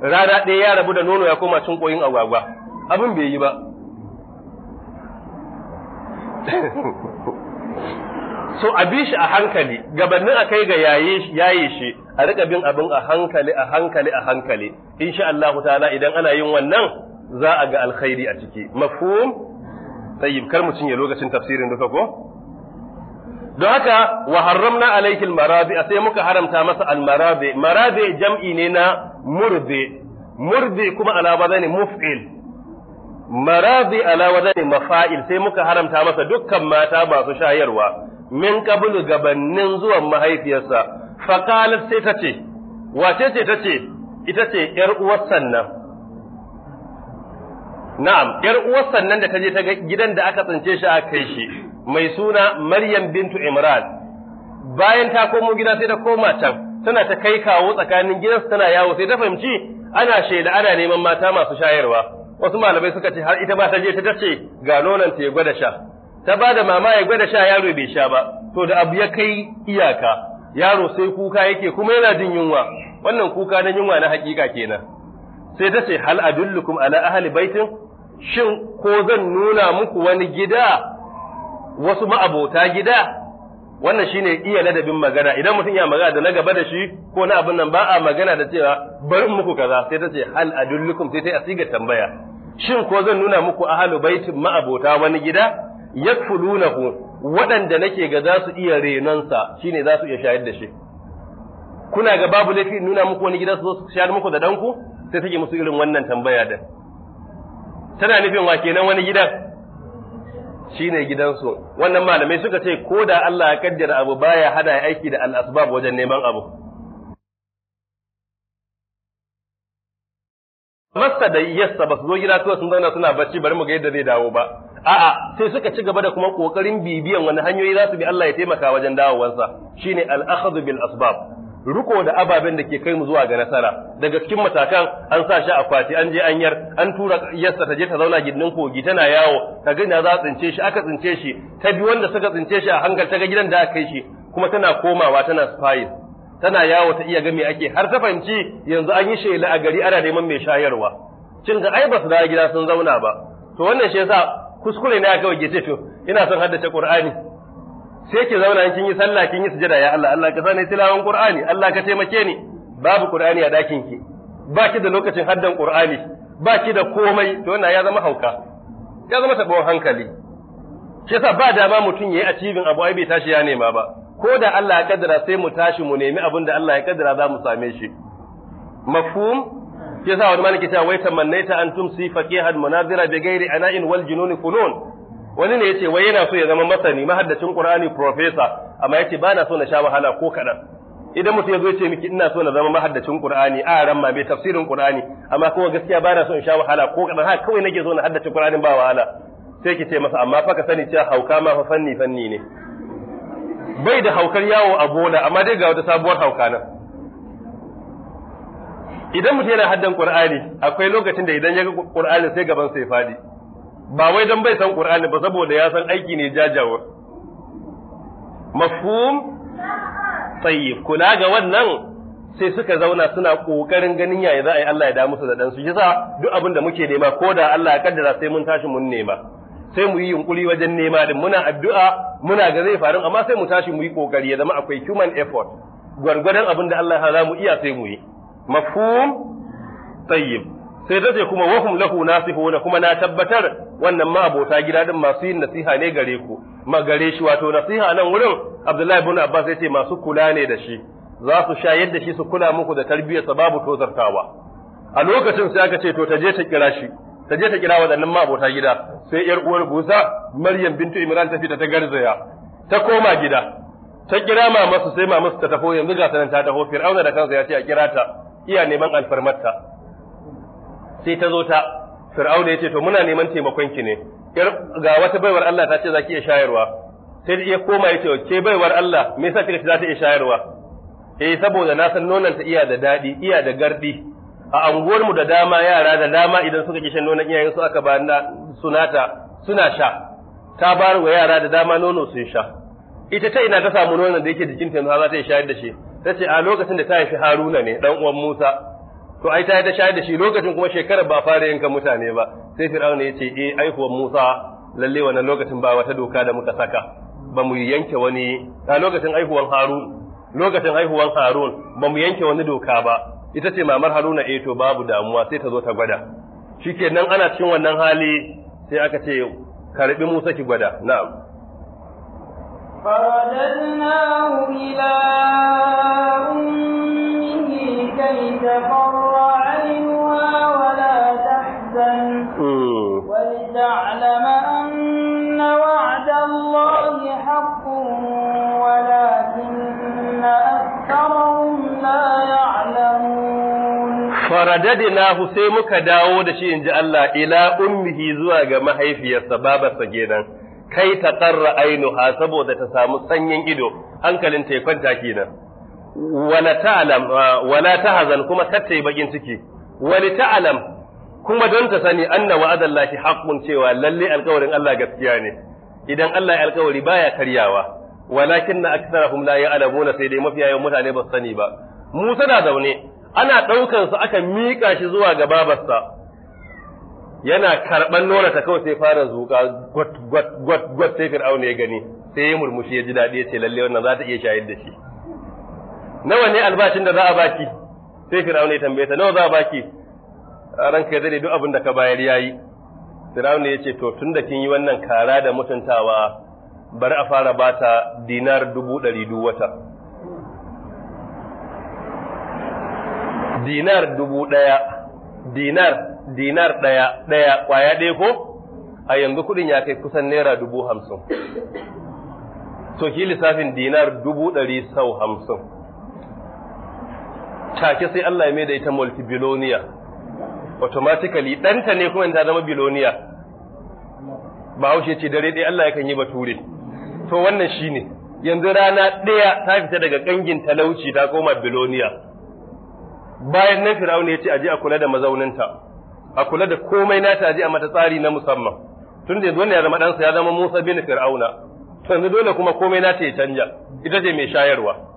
rana ɗaya ya rabu da nono ya koma cin koyin agwagwa abin bai yi ba so a bi shi a hankali gabanin a kai ga yaye shi a rika bin abin a hankali a hankali a hankali insha Allah ta'ala idan ana yin wannan za a ga alkhairi a ciki mafhum tayyib kar mu cinye lokacin tafsirin duka ko don haka wa haramna alaikil marabi sai muka haramta masa al marabi jam'i ne na murbi murbi kuma ala ne muf'il marabi ala ne mafa'il sai muka haramta masa dukkan mata masu shayarwa min qablu gabannin zuwan mahaifiyarsa faqalat sai tace wace ce tace ita ce yar uwar sannan Na'am, ‘yar uwar sannan da ta je ta gidan da aka tsince shi a kai shi, mai suna Maryam bintu Imran. Bayan ta komo gida sai ta koma can, tana ta kai kawo tsakanin gidansu tana yawo sai ta fahimci ana shaida ana neman mata masu shayarwa. Wasu malamai suka ce har ita ba ta je ta tace ga nonon ta ya gwada sha. Ta ba da mama ya gwada sha yaro bai sha ba, to da abu ya kai iyaka, yaro sai kuka yake kuma yana jin yunwa, wannan kuka na yunwa na hakika kenan. Sai ta ce hal adullukum ala ahli baitin shin ko zan nuna muku wani gida wasu ma'abota gida wannan shine iya ladabin magana idan mutum ya magana da na gaba da shi ko na abin nan ba a magana da cewa bari muku kaza sai ta ce hal adullukum sai ta yi asiga tambaya shin ko zan nuna muku ahalu baitin ma'abota wani gida yakfulunahu waɗanda nake ga za su iya renonsa shine za su iya shayar da shi kuna ga babu laifi nuna muku wani gida su zo su shayar muku da danku sai take musu irin wannan tambaya da. tana nufin wa kenan wani gidan shine gidansu wannan malamai suka ce ko da Allah ya kaddara abu baya hada aiki da al wajen neman abu masa da yassa ba su zo gida kawai sun zauna suna bacci bari mu ga yadda zai dawo ba a'a sai suka ci gaba da kuma kokarin bibiyan wani hanyoyi za su bi Allah ya taimaka wajen dawowarsa shine al-akhdhu bil asbab riko da ababen da ke kai mu zuwa ga nasara daga cikin matakan an sa shi a kwati an je an yar an tura yarsa ta je ta zauna gindin kogi tana yawo ta ga ina za a tsince shi aka tsince shi ta bi wanda suka tsince shi a hankali ta ga gidan da aka kai shi kuma tana komawa tana spying tana yawo ta iya ga me ake har ta fahimci yanzu an yi shela a gari ana neman mai shayarwa cin ga ai ba su dawo gida sun zauna ba to wannan shi yasa kuskure ne aka wage ce to ina son haddace Qur'ani sai ki zauna in kin yi sallah kin yi sujada ya Allah Allah ka sani tilawan Qur'ani Allah ka taimake ni babu Qur'ani a dakin ki ba da lokacin haddan Qur'ani ba da komai to wannan ya zama hauka ya zama tabo hankali shi yasa ba dama mutum yayi achieving abu ai bai tashi ya nema ba ko da Allah ya kaddara sai mu tashi mu nemi abin da Allah ya kaddara za mu same shi mafhum shi yasa wani malaki ta wai tamannaita an tumsi faqihan munazira bi ghairi ana'in wal junun funun wani ne yace wai yana so ya zama masani mahaddacin Qur'ani professor amma yace ba na so na sha wahala ko kadan idan mutum ya zo yace miki ina so na zama mahaddacin Qur'ani a ran ma bai tafsirin Qur'ani amma kuma gaskiya ba na so in sha wahala ko kadan haka kawai nake so na haddace Qur'anin ba wahala sai ki ce masa amma fa ka sani cewa hauka ma fa fanni fanni ne bai da haukar yawo a bola amma dai ga wata sabuwar hauka nan idan mutum yana haddan Qur'ani akwai lokacin da idan ya ga Qur'ani sai gaban sai fadi ba wai don bai san ƙur'ani ba saboda ya san aiki ne jajawar mafhum tayyib kula ga wannan sai suka zauna suna ƙoƙarin ganin yaya za a yi Allah ya da musu da ɗansu su yasa duk abin da muke nema ko da Allah ya kaddara sai mun tashi mun nema sai mu yi yunkuri wajen nema din muna addu'a muna ga zai faru amma sai mu tashi mu yi kokari ya zama akwai human effort gwargwadon abin da Allah ya za mu iya sai mu yi mafhum tayyib sai ta ce kuma wahum lahu nasihuna kuma na tabbatar wannan ma abota gida din masu yin nasiha ne gare ku ma gare shi wato nasiha nan wurin Abdullahi ibn Abbas ya ce masu kula ne da shi za su shayar da shi su kula muku da sa babu tozartawa a lokacin sai aka ce to ta je ta kira shi ta ta kira wadannan ma abota gida sai yar uwar Musa Maryam bintu Imran ta fita ta garzaya ta koma gida ta kira mamarsu sai mamarsu ta tafi yanzu ga sanan ta taho Fir'auna da kansa ya ce a kira ta iya neman alfarmarta sai ta zo ta fir'auna ya ce to muna neman taimakon ki ne ga wata baiwar Allah ta ce za ki iya shayarwa sai ya koma ya ce ke baiwar Allah me yasa kika ce za ta iya shayarwa eh saboda na san nonon ta iya da daɗi iya da gardi a unguwarmu da dama yara da dama idan suka ki shan nonon iyayen su aka ba na sunata suna sha ta bar wa yara da dama nono sun sha ita ta ina ta samu nonon da yake jikinta yanzu za ta iya shayar da shi Ta ce a lokacin da ta haifi Haruna ne dan uwan Musa to ai ta yi ta shayar da shi lokacin kuma shekarar ba fara yanka mutane ba sai fir'auna ya ce eh aihuwar Musa lalle wannan lokacin ba wata doka da muka saka ba mu yanke wani a lokacin aihuwan Harun lokacin aihuwan Harun ba mu yanke wani doka ba ita ce mamar Haruna eh to babu damuwa sai ta zo ta gwada shikenan ana cikin wannan hali sai aka ce karbi Musa ki gwada na'am فرددناه إلى أمه لكي تفر sai muka dawo da shi in ji Allah ila ummihi zuwa ga mahaifiyarsa babarsa gidan kai ta qarra ainuha saboda ta samu sanyin ido hankalin ya kwanta kenan wala ta'lam uh, wala tahzan kuma katta bakin ciki wali ta'lam kuma don ta sani anna wa'adallahi haqqun cewa lalle alƙawarin Allah gaskiya ne idan Allah ya alƙawari baya karyawa walakin na aksarahum la ya'lamuna sai dai mafiya yawan mutane ba sani ba Musa na zaune ana ɗaukan su aka mika shi zuwa ga babarsa yana karban nora ta kawai sai fara zuka gwat gwat gwat gwat sai fir'auna ya gani sai ya murmushi ya ji daɗi ya ce lalle wannan za ta iya shayar da shi nawa ne albashin da za a baki sai firawun ya tambaye ta nawa za a baki ranka ya dade duk abin da ka bayar ya yi. firawun ya ce to tun da kin yi wannan kara da mutuntawa bari a fara bata dinar dubu ɗari duk wata dinar dubu ɗaya dinar dinar ɗaya ɗaya ƙwaya ɗaya ko a yanzu kuɗin ya kai kusan naira dubu hamsin to ki lissafin dinar dubu ɗari sau hamsin take sai Allah ya mai da ita multibiloniya automatically ɗanta ne kuma ta zama biloniya ba haushe ce dare ɗaya Allah ya kan yi bature to wannan shi ne yanzu rana ɗaya ta fita daga kangin talauci ta koma biloniya bayan nan Fir'auna ya ce aje a kula da mazauninta a kula da komai na aje a mata tsari na musamman tun da wannan ya zama ɗansa ya zama Musa bin Fir'auna to yanzu dole kuma komai na ta ya canja ita ce mai shayarwa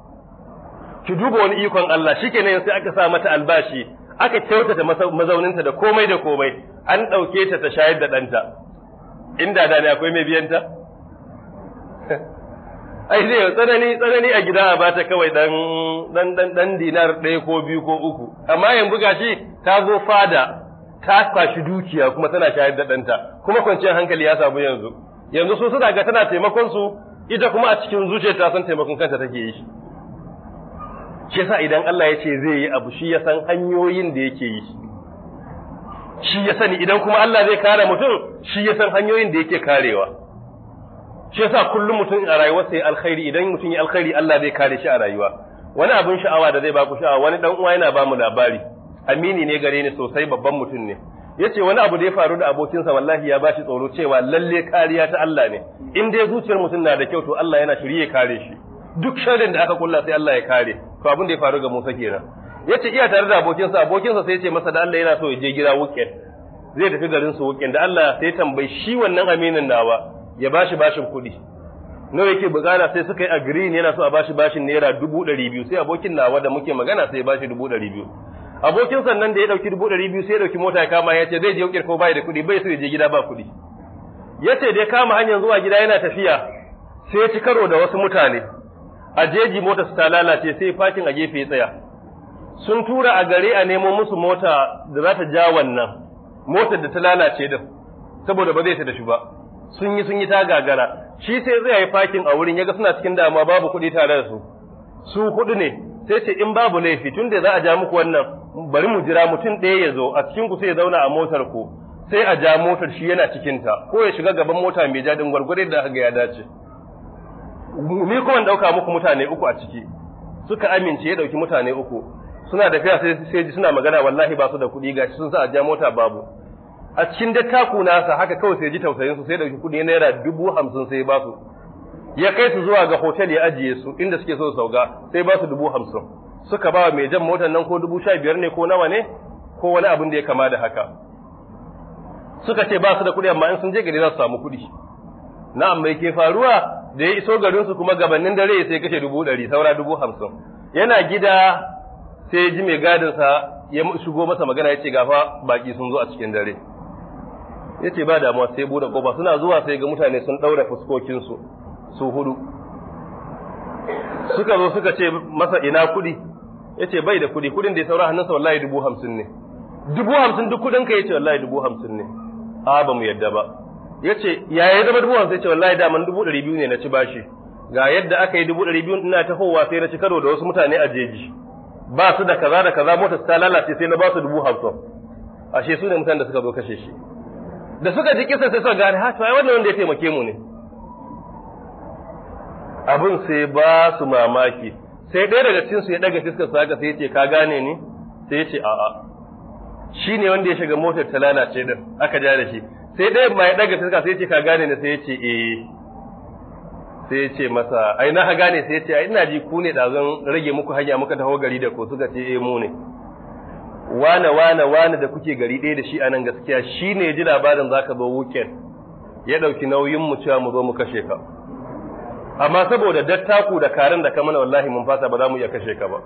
ki duba wani ikon Allah shikenan sai aka sa mata albashi aka kyautata mazauninta da komai da komai an ɗauke ta ta shayar da ɗanta inda da ne akwai mai biyanta ai zai tsanani tsanani a gida ba bata kawai dan dan dan dinar ɗaya ko biyu ko uku amma yanzu gashi ta zo fada ta kwashi dukiya kuma tana shayar da ɗanta kuma kwanciyar hankali ya samu yanzu yanzu su suna ga tana taimakon su ita kuma a cikin zuciyarta ta san taimakon kanta take yi shi yasa idan Allah ya ce zai yi abu shi ya san hanyoyin da yake yi shi ya sani idan kuma Allah zai kare mutum shi ya san hanyoyin da yake karewa shi yasa kullum mutum a rayuwarsa ya alkhairi idan mutum ya alkhairi Allah zai kare shi a rayuwa wani abin sha'awa da zai baku sha'awa wani dan uwa yana ba labari amini ne gare ni sosai babban mutum ne yace wani abu da ya faru da abokinsa wallahi ya bashi tsoro cewa lalle kariya ta Allah ne in dai zuciyar mutum na da kyau to Allah yana shirye kare shi duk sharrin da aka kulla sai Allah ya kare to abin da ya faru ga Musa kenan yace iya tare da abokinsa abokinsa sai ya ce masa da Allah yana so ya je gida wuk'in. zai tafi garin su weekend da Allah sai tambayi shi wannan aminin nawa ya bashi bashin kuɗi nawa yake bukata sai suka yi agree yana so a bashi bashin naira dubu ɗari biyu sai abokin nawa da muke magana sai ya bashi dubu ɗari biyu abokin sannan da ya ɗauki dubu ɗari biyu sai ya ɗauki mota ya kama ya ce zai je wukin ko bai da kuɗi bai so ya je gida ba kuɗi yace da ya kama hanyar zuwa gida yana tafiya sai ya ci karo da wasu mutane a jeji motar ta lalace sai fakin a gefe tsaya sun tura a gare a nemo musu mota da za ta ja wannan motar da ta lalace din saboda ba zai ta da shi ba sun yi sun yi ta gagara shi sai zai yi fakin a wurin yaga suna cikin damuwa babu kuɗi tare da su su kuɗi ne sai ce in babu laifi tun da za a ja muku wannan bari mu jira mutum ɗaya ya zo a cikin ku sai ya zauna a motar ku sai a ja motar shi yana cikinta ko ya shiga gaban mota mai jadin gwargwade da haga ya dace ni kuma dauka muku mutane uku a ciki suka amince ya dauki mutane uku suna tafiya sai sai ji suna magana wallahi ba su da kuɗi gashi sun sa ajiya mota babu a cikin dattaku nasa haka kawai sai ji tausayin su sai dauki kuɗi naira dubu hamsin sai ba su ya kai su zuwa ga hotel ya ajiye su inda suke so su sauka sai ba su dubu hamsin suka ba mai jan motar nan ko dubu sha biyar ne ko nawa ne ko wani abin da ya kama da haka suka ce ba su da kuɗi amma in sun je gari za su samu kuɗi na'am mai ke faruwa da ya iso garinsu kuma gabanin dare sai kashe dubu ɗari saura dubu hamsin yana gida sai ya ji mai gadinsa ya shigo masa magana ya ce gafa baki sun zo a cikin dare ya ce ba damuwa sai buɗe ƙofa suna zuwa sai ga mutane sun ɗaura fuskokinsu su hudu suka zo suka ce masa ina kuɗi ya ce bai da kuɗi kuɗin da ya saura hannunsa wallahi dubu hamsin ne dubu hamsin duk ka ya ce wallahi dubu hamsin ne a ba mu yadda ba yace ya ya zama dubu hamsin ce wallahi daman dubu ɗari biyu ne na ci bashi ga yadda aka yi dubu ɗari biyu ina hauwa sai na ci karo da wasu mutane a jeji ba su da kaza da kaza motar ta lalace sai na ba su dubu hamsin ashe su ne mutanen da suka zo kashe shi da suka ji kisa sai suka gane ha to ai wannan wanda ya taimake mu ne abin sai ba su mamaki sai ɗaya daga cikin su ya ɗaga fiskar sa sai ya ce ka gane ni sai ya ce a'a shi ne wanda ya shiga motar ta lalace din aka ja da shi sai dai mai daga ɗaga sai ya ce ka gane ne sai ya ce eh sai ya ce masa ai na gane sai ya ce ai ina ji ku ne ɗazun rage muku hanya muka taho gari da ku suka ce eh mu ne wane wane wane da kuke gari ɗaya da shi anan gaskiya shine ji labarin zaka zo weekend ya ɗauki nauyin mu cewa mu zo mu kashe ka amma saboda dattaku da karin da ka mana wallahi mun fasa ba za mu iya kashe ka ba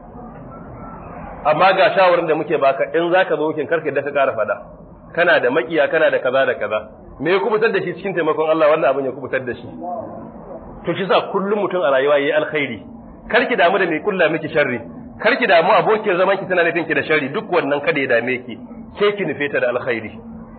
amma ga shawarar da muke baka in zaka zo weekend karka da ka ƙara faɗa kana da makiya kana da kaza da kaza me ya kubutar da shi cikin taimakon Allah wannan abin ya kubutar da shi to shi sa kullum mutum a rayuwa yayi alkhairi kar ki damu da mai kulla miki sharri kar ki damu abokin zaman ki tana nufin ki da sharri duk wannan kada ya dame ki ke ki nufe ta da alkhairi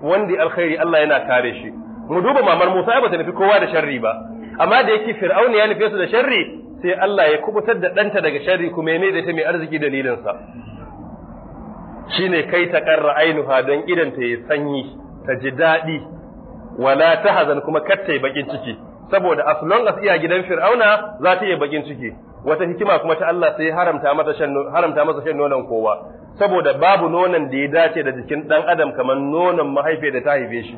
wanda alkhairi Allah yana kare shi mu duba mamar Musa ba ta nufi kowa da sharri ba amma da yake Fir'auna ya nufe su da sharri sai Allah ya kubutar da danta daga sharri kuma ya da ta mai arziki dalilinsa. Shi ne kai ta karra ainuha don idon ta yi sanyi ta ji daɗi wala ta hazan kuma kar ta bakin ciki saboda as long as iya gidan fir'auna za ta iya bakin ciki wata hikima kuma ta Allah sai haramta masa shan nonon kowa saboda babu nonon da ya dace da jikin dan adam kamar nonon mahaifiyar da ta haife shi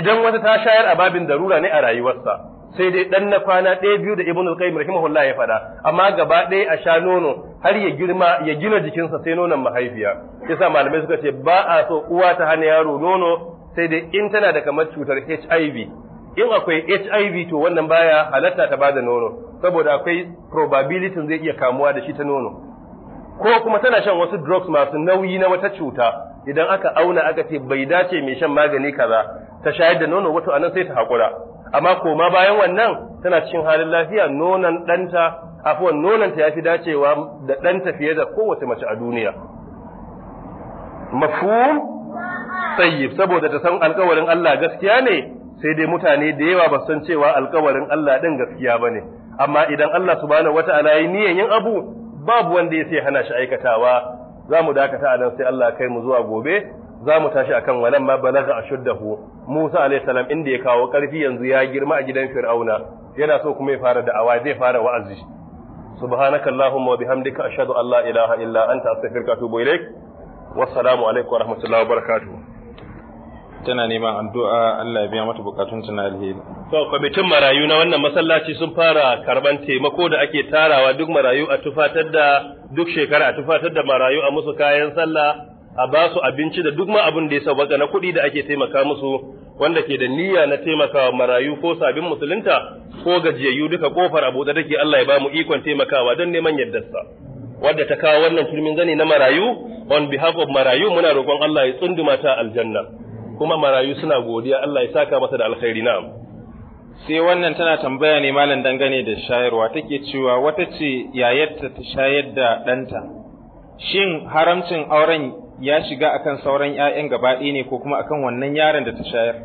idan wata ta shayar a babin darura ne a rayuwarsa sai dai ɗan na kwana ɗaya biyu da al qayyim rahimahullah ya faɗa amma gaba ɗaya a sha nono har ya girma ya gina jikinsa sai nonon mahaifiya yasa malamai suka ce ba a so uwa ta hana yaro nono sai dai in tana da kamar cutar HIV in akwai HIV to wannan baya halatta ta bada nono saboda akwai probability zai iya kamuwa da shi ta nono ko kuma tana shan wasu drugs masu nauyi na wata cuta idan aka auna aka ce bai dace mai shan magani kaza ta shayar da nono wato anan sai ta hakura amma koma bayan wannan tana cikin halin lafiya nonon ɗanta afuwan nonanta ya fi dacewa da ɗanta fiye da kowace mace a duniya mafhum tayyib saboda ta san alƙawarin Allah gaskiya ne sai dai mutane da yawa ba san cewa alƙawarin Allah din gaskiya bane amma idan Allah subhanahu wata'ala yi niyan yin abu babu wanda ya sai hana shi aikatawa za mu dakata a nan sai Allah kai mu zuwa gobe za mu tashi akan walan ma balaga ashuddahu Musa alayhi salam inda ya kawo karfi yanzu ya girma a gidan Fir'auna yana so kuma ya fara da'awa zai fara wa'azi subhanakallahumma wa bihamdika ashhadu an la ilaha illa anta astaghfiruka wa atubu ilaik wassalamu alaikum wa rahmatullahi wa barakatuh tana neman addu'a Allah ya biya mata bukatun tana alheri to kwamitin marayu na wannan masallaci sun fara karban taimako da ake tarawa duk marayu a tufatar da duk shekara a tufatar da marayu a musu kayan sallah a ba su abinci da duk ma abin da ya baka na kuɗi da ake taimaka musu wanda ke da niyya na taimakawa marayu ko sabin musulunta ko gajiyayyu duka kofar abu da take Allah ya ba mu ikon taimakawa don neman sa, wadda ta kawo wannan turmin zani na marayu on behalf of marayu muna roƙon Allah ya tsunduma ta aljanna kuma marayu suna godiya Allah ya saka masa da alkhairi na'am sai wannan tana tambaya ne malam dangane da shayarwa take cewa wata ce yayarta ta shayar da ɗanta shin haramcin auren ya shiga akan sauran ‘ya'yan gabaɗe ne ko kuma akan wannan yaron da ta shayar.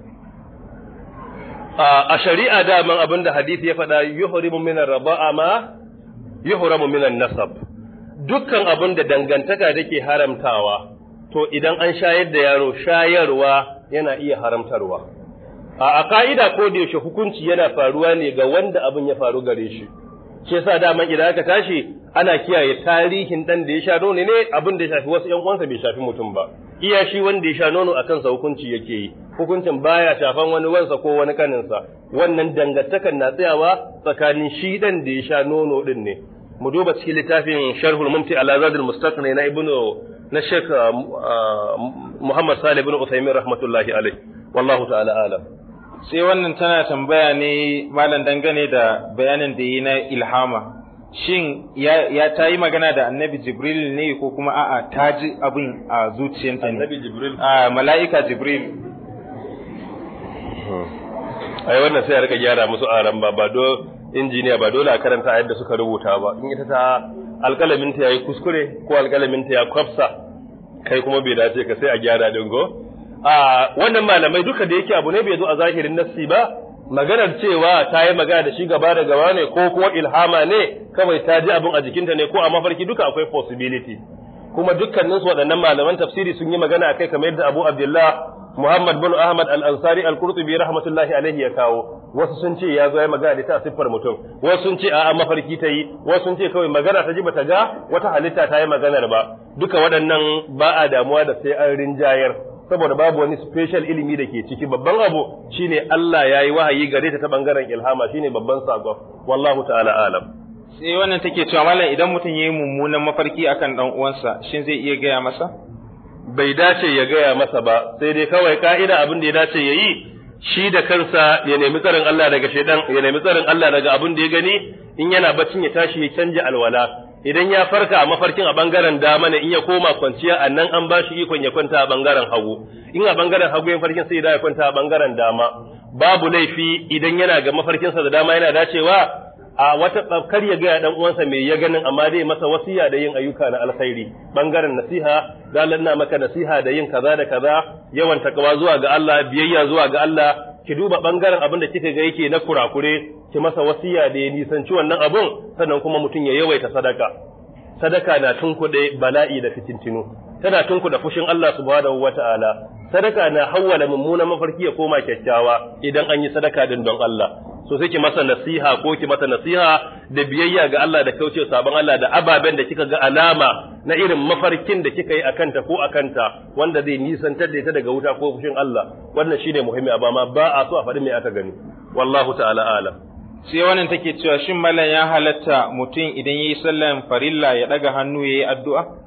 A shari'a daman abin da hadisi ya faɗa yuhrimu minan raba'a ma yuhramu minan nasab. Dukkan abin da dangantaka da ke haramtawa, to idan an shayar da yaro shayarwa yana iya haramtarwa. A ka'ida ko da yaushe hukunci yana faruwa ne ga wanda abin ya faru gare shi. Shi yasa daman idan aka tashi ana kiyaye tarihin dan da ya sha nono ne abin da ya shafi wasu 'yan uwansa bai shafi mutum ba iya shi wanda ya sha nono a kansa hukunci yake yi hukuncin baya shafan wani wansa ko wani kaninsa wannan dangantakar na tsayawa tsakanin shi dan da ya sha nono din ne mu duba cikin littafin sharhul mumti ala zadul mustaqni na ibnu na shek ah, ah, muhammad salih ibn usaimin rahmatullahi alaihi wallahu ta'ala alam sai wannan tana tambaya ne malam dangane da bayanin da yi na ilhama shin ya ta yi magana da annabi jibril ne ko kuma a'a ta ji abin a zuciyarta ne annabi jibril a mala'ika jibril hmm. ai wannan sai a rika gyara musu aran ba ba do injiniya ba dole a karanta a yadda suka rubuta ba in ita ta alƙalamin ta yayi kuskure ko alƙalamin ta ya kwafsa kai kuma bai dace ka sai a gyara dingo a wannan malamai duka da yake abu ne bai zo a zahirin nassi ba maganar cewa ta yi magana da shi gaba da gaba ne ko kuma ilhama ne kawai ta ji abin a jikinta ne ko a mafarki duka akwai possibility kuma dukkanin su waɗannan malaman tafsiri sun yi magana akai kamar yadda Abu Abdullah Muhammad bin Ahmad Al-Ansari Al-Qurtubi rahmatullahi alaihi ya kawo wasu sun ce ya zo ya magana da ta siffar mutum wasu sun ce a'a mafarki ta yi wasu sun ce kawai magana ta ji bata ga wata halitta ta yi maganar ba duka waɗannan ba a damuwa da sai an rinjayar saboda babu wani special ilimi da ke ciki babban abu shine Allah ya yi wahayi gare ta ta bangaren ilhama shine babban sako wallahu ta'ala alam sai wannan take cewa malam idan mutum ya yi mummunan mafarki akan dan uwansa shin zai iya gaya masa bai dace ya gaya masa ba sai dai kawai ka'ida abin da ya dace ya yi shi da kansa ya nemi tsarin Allah daga shaidan ya nemi tsarin Allah daga abin da ya gani in yana baccin ya tashi ya canja alwala idan ya farka a mafarkin a bangaren dama ne in ya koma kwanciya a nan an ba shi ikon ya kwanta a bangaren hagu in a bangaren hagu ya farkin sai ya kwanta a bangaren dama babu laifi idan yana ga mafarkinsa da dama yana dacewa a wata tsakar ya gaya dan uwansa mai ya ganin amma dai masa wasiya da yin ayyuka na alkhairi bangaren nasiha dalan na maka nasiha da yin kaza da kaza yawan takawa zuwa ga Allah biyayya zuwa ga Allah ki duba bangaren abin da kika ga yake na kurakure ki masa wasiya da ya nisanci wannan abun sannan kuma mutum ya yawaita sadaka sadaka na tunkuɗe bala'i da fitintinu tana tunkuɗe fushin Allah subhanahu wata'ala sadaka na hawwala mummunan mafarki ya koma kyakkyawa idan an yi sadaka din don Allah so sai ki masa nasiha ko ki masa nasiha da biyayya ga Allah da kauce sabon Allah da ababen da kika ga alama na irin mafarkin da kika yi a kanta ko a kanta wanda zai nisantar da ita daga wuta ko fushin Allah wannan shine muhimmi a ma ba a so a faɗi me aka gani wallahu ta'ala alam sai wannan take cewa shin mallan ya halatta mutum idan yayi sallan farilla ya daga hannu yayi addu'a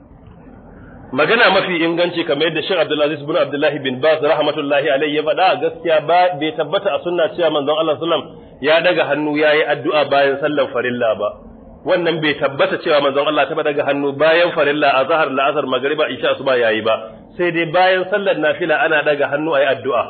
magana mafi inganci kamar yadda Sheikh Abdulaziz bin Abdullahi bin Bas rahmatullahi alaihi ya faɗa gaskiya ba bai tabbata a sunna cewa manzon Allah sallam ya daga hannu ya yi addu'a bayan sallar farilla ba wannan bai tabbata cewa manzon Allah ta daga hannu bayan farilla a zahar la'asar magriba isha asuba yayi ba sai dai bayan sallar nafila ana daga hannu ayi addu'a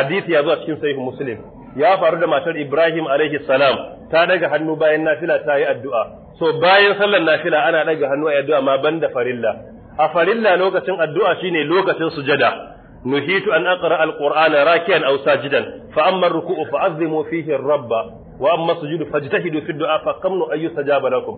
hadisi ya zo a cikin sahih muslim ya faru da matar Ibrahim alaihi salam ta daga hannu bayan nafila ta yi addu'a so bayan sallar nafila ana daga hannu ayi addu'a ma banda farilla a farilla lokacin addu'a shine lokacin sujada nuhitu an aqra alqur'ana raki'an ausa jidan. fa rukuu fa'azzimu fihin rabba wa amma ta fajtahidu fi du'a fa kamnu ayyu sajaba lakum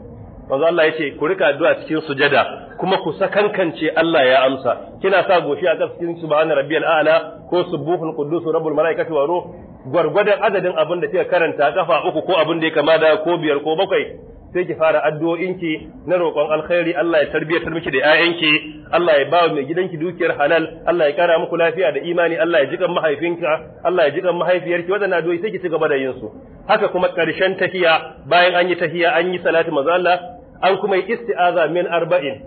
manzo Allah ce ku rika addu'a cikin sujada kuma ku sakankance Allah ya amsa kina sa goshi a cikin subhana rabbiyal a'la ko subuhul quddus rabbul malaikati wa ruh gwargwadon adadin abin da kika karanta kafa uku ko abin da ya kama da ko biyar ko bakwai sai ki fara addu'o'inki na roƙon alkhairi Allah ya tarbiyatar miki da 'ya'yanki Allah ya bawo mai gidanki dukiyar halal Allah ya kara muku lafiya da imani Allah ya jikan mahaifinka Allah ya jikan mahaifiyarki wadannan addu'o'i sai ki ci gaba da yin su haka kuma ƙarshen tahiya bayan an yi tahiya an yi salatu manzo Allah an kuma yi isti'aza min arba'in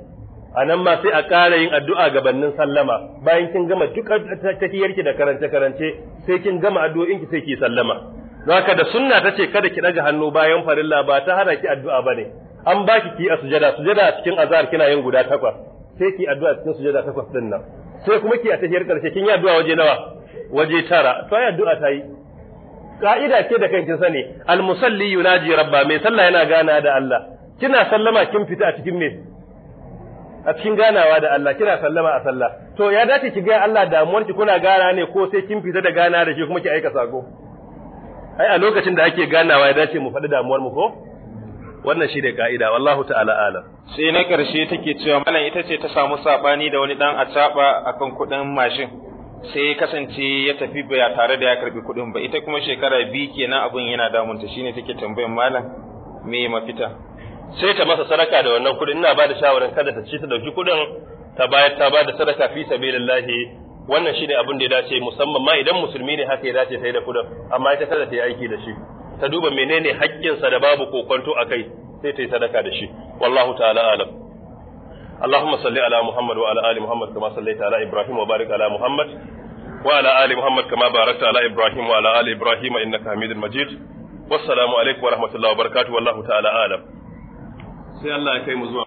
anan nan ma sai a ƙara yin addu'a gabanin sallama bayan kin gama duk tahiyarki da karance karance sai kin gama addu'o'inki sai ki sallama haka da sunna ce kada ki daga hannu bayan farilla ba ta hana ki addu'a ba ne. an baki ki a sujada sujada cikin azhar kina yin guda takwas sai ki addu'a cikin sujada takwas din nan sai kuma ki a tahiyar karshe kin yi addu'a waje nawa waje tara to ai addu'a ta yi ka'ida ce da kankin sani almusalli yunaji rabba mai sallah yana gana da Allah kina sallama kin fita a cikin me a cikin ganawa da Allah kina sallama a sallah to ya dace ki ga Allah damuwar ki kuna gana ne ko sai kin fita da gana da shi kuma ki aika sako ai a lokacin da ake ganawa ya dace mu faɗi damuwar mu ko wannan shi ne ka'ida wallahu ta'ala alam sai na ƙarshe take cewa malam ita ce ta samu sabani da wani dan acaba akan kuɗin mashin sai kasance ya tafi ba tare da ya karbi kuɗin ba ita kuma shekara biyu kenan abun yana damunta shine take tambayan malam me mafita sai ta masa sadaka da wannan kuɗin ina ba da shawaran kada ta ci ta dauki kuɗin ta bayar ta ba da sadaka fi sabilillahi wannan shine abin da ya dace musamman ma idan musulmi ne haka ya dace sai da kudin amma ita kada ta yi aiki da shi ta duba menene haƙƙinsa da babu kokonto a kai sai ta yi sadaka da shi wallahu ta'ala alam اللهم صل على محمد وعلى ال محمد كما صليت على ابراهيم وبارك على محمد وعلى ال محمد كما باركت على ابراهيم وعلى ال ابراهيم انك حميد مجيد والسلام عليكم ورحمه الله وبركاته والله تعالى اعلم sai Allah ya kai mu zuwa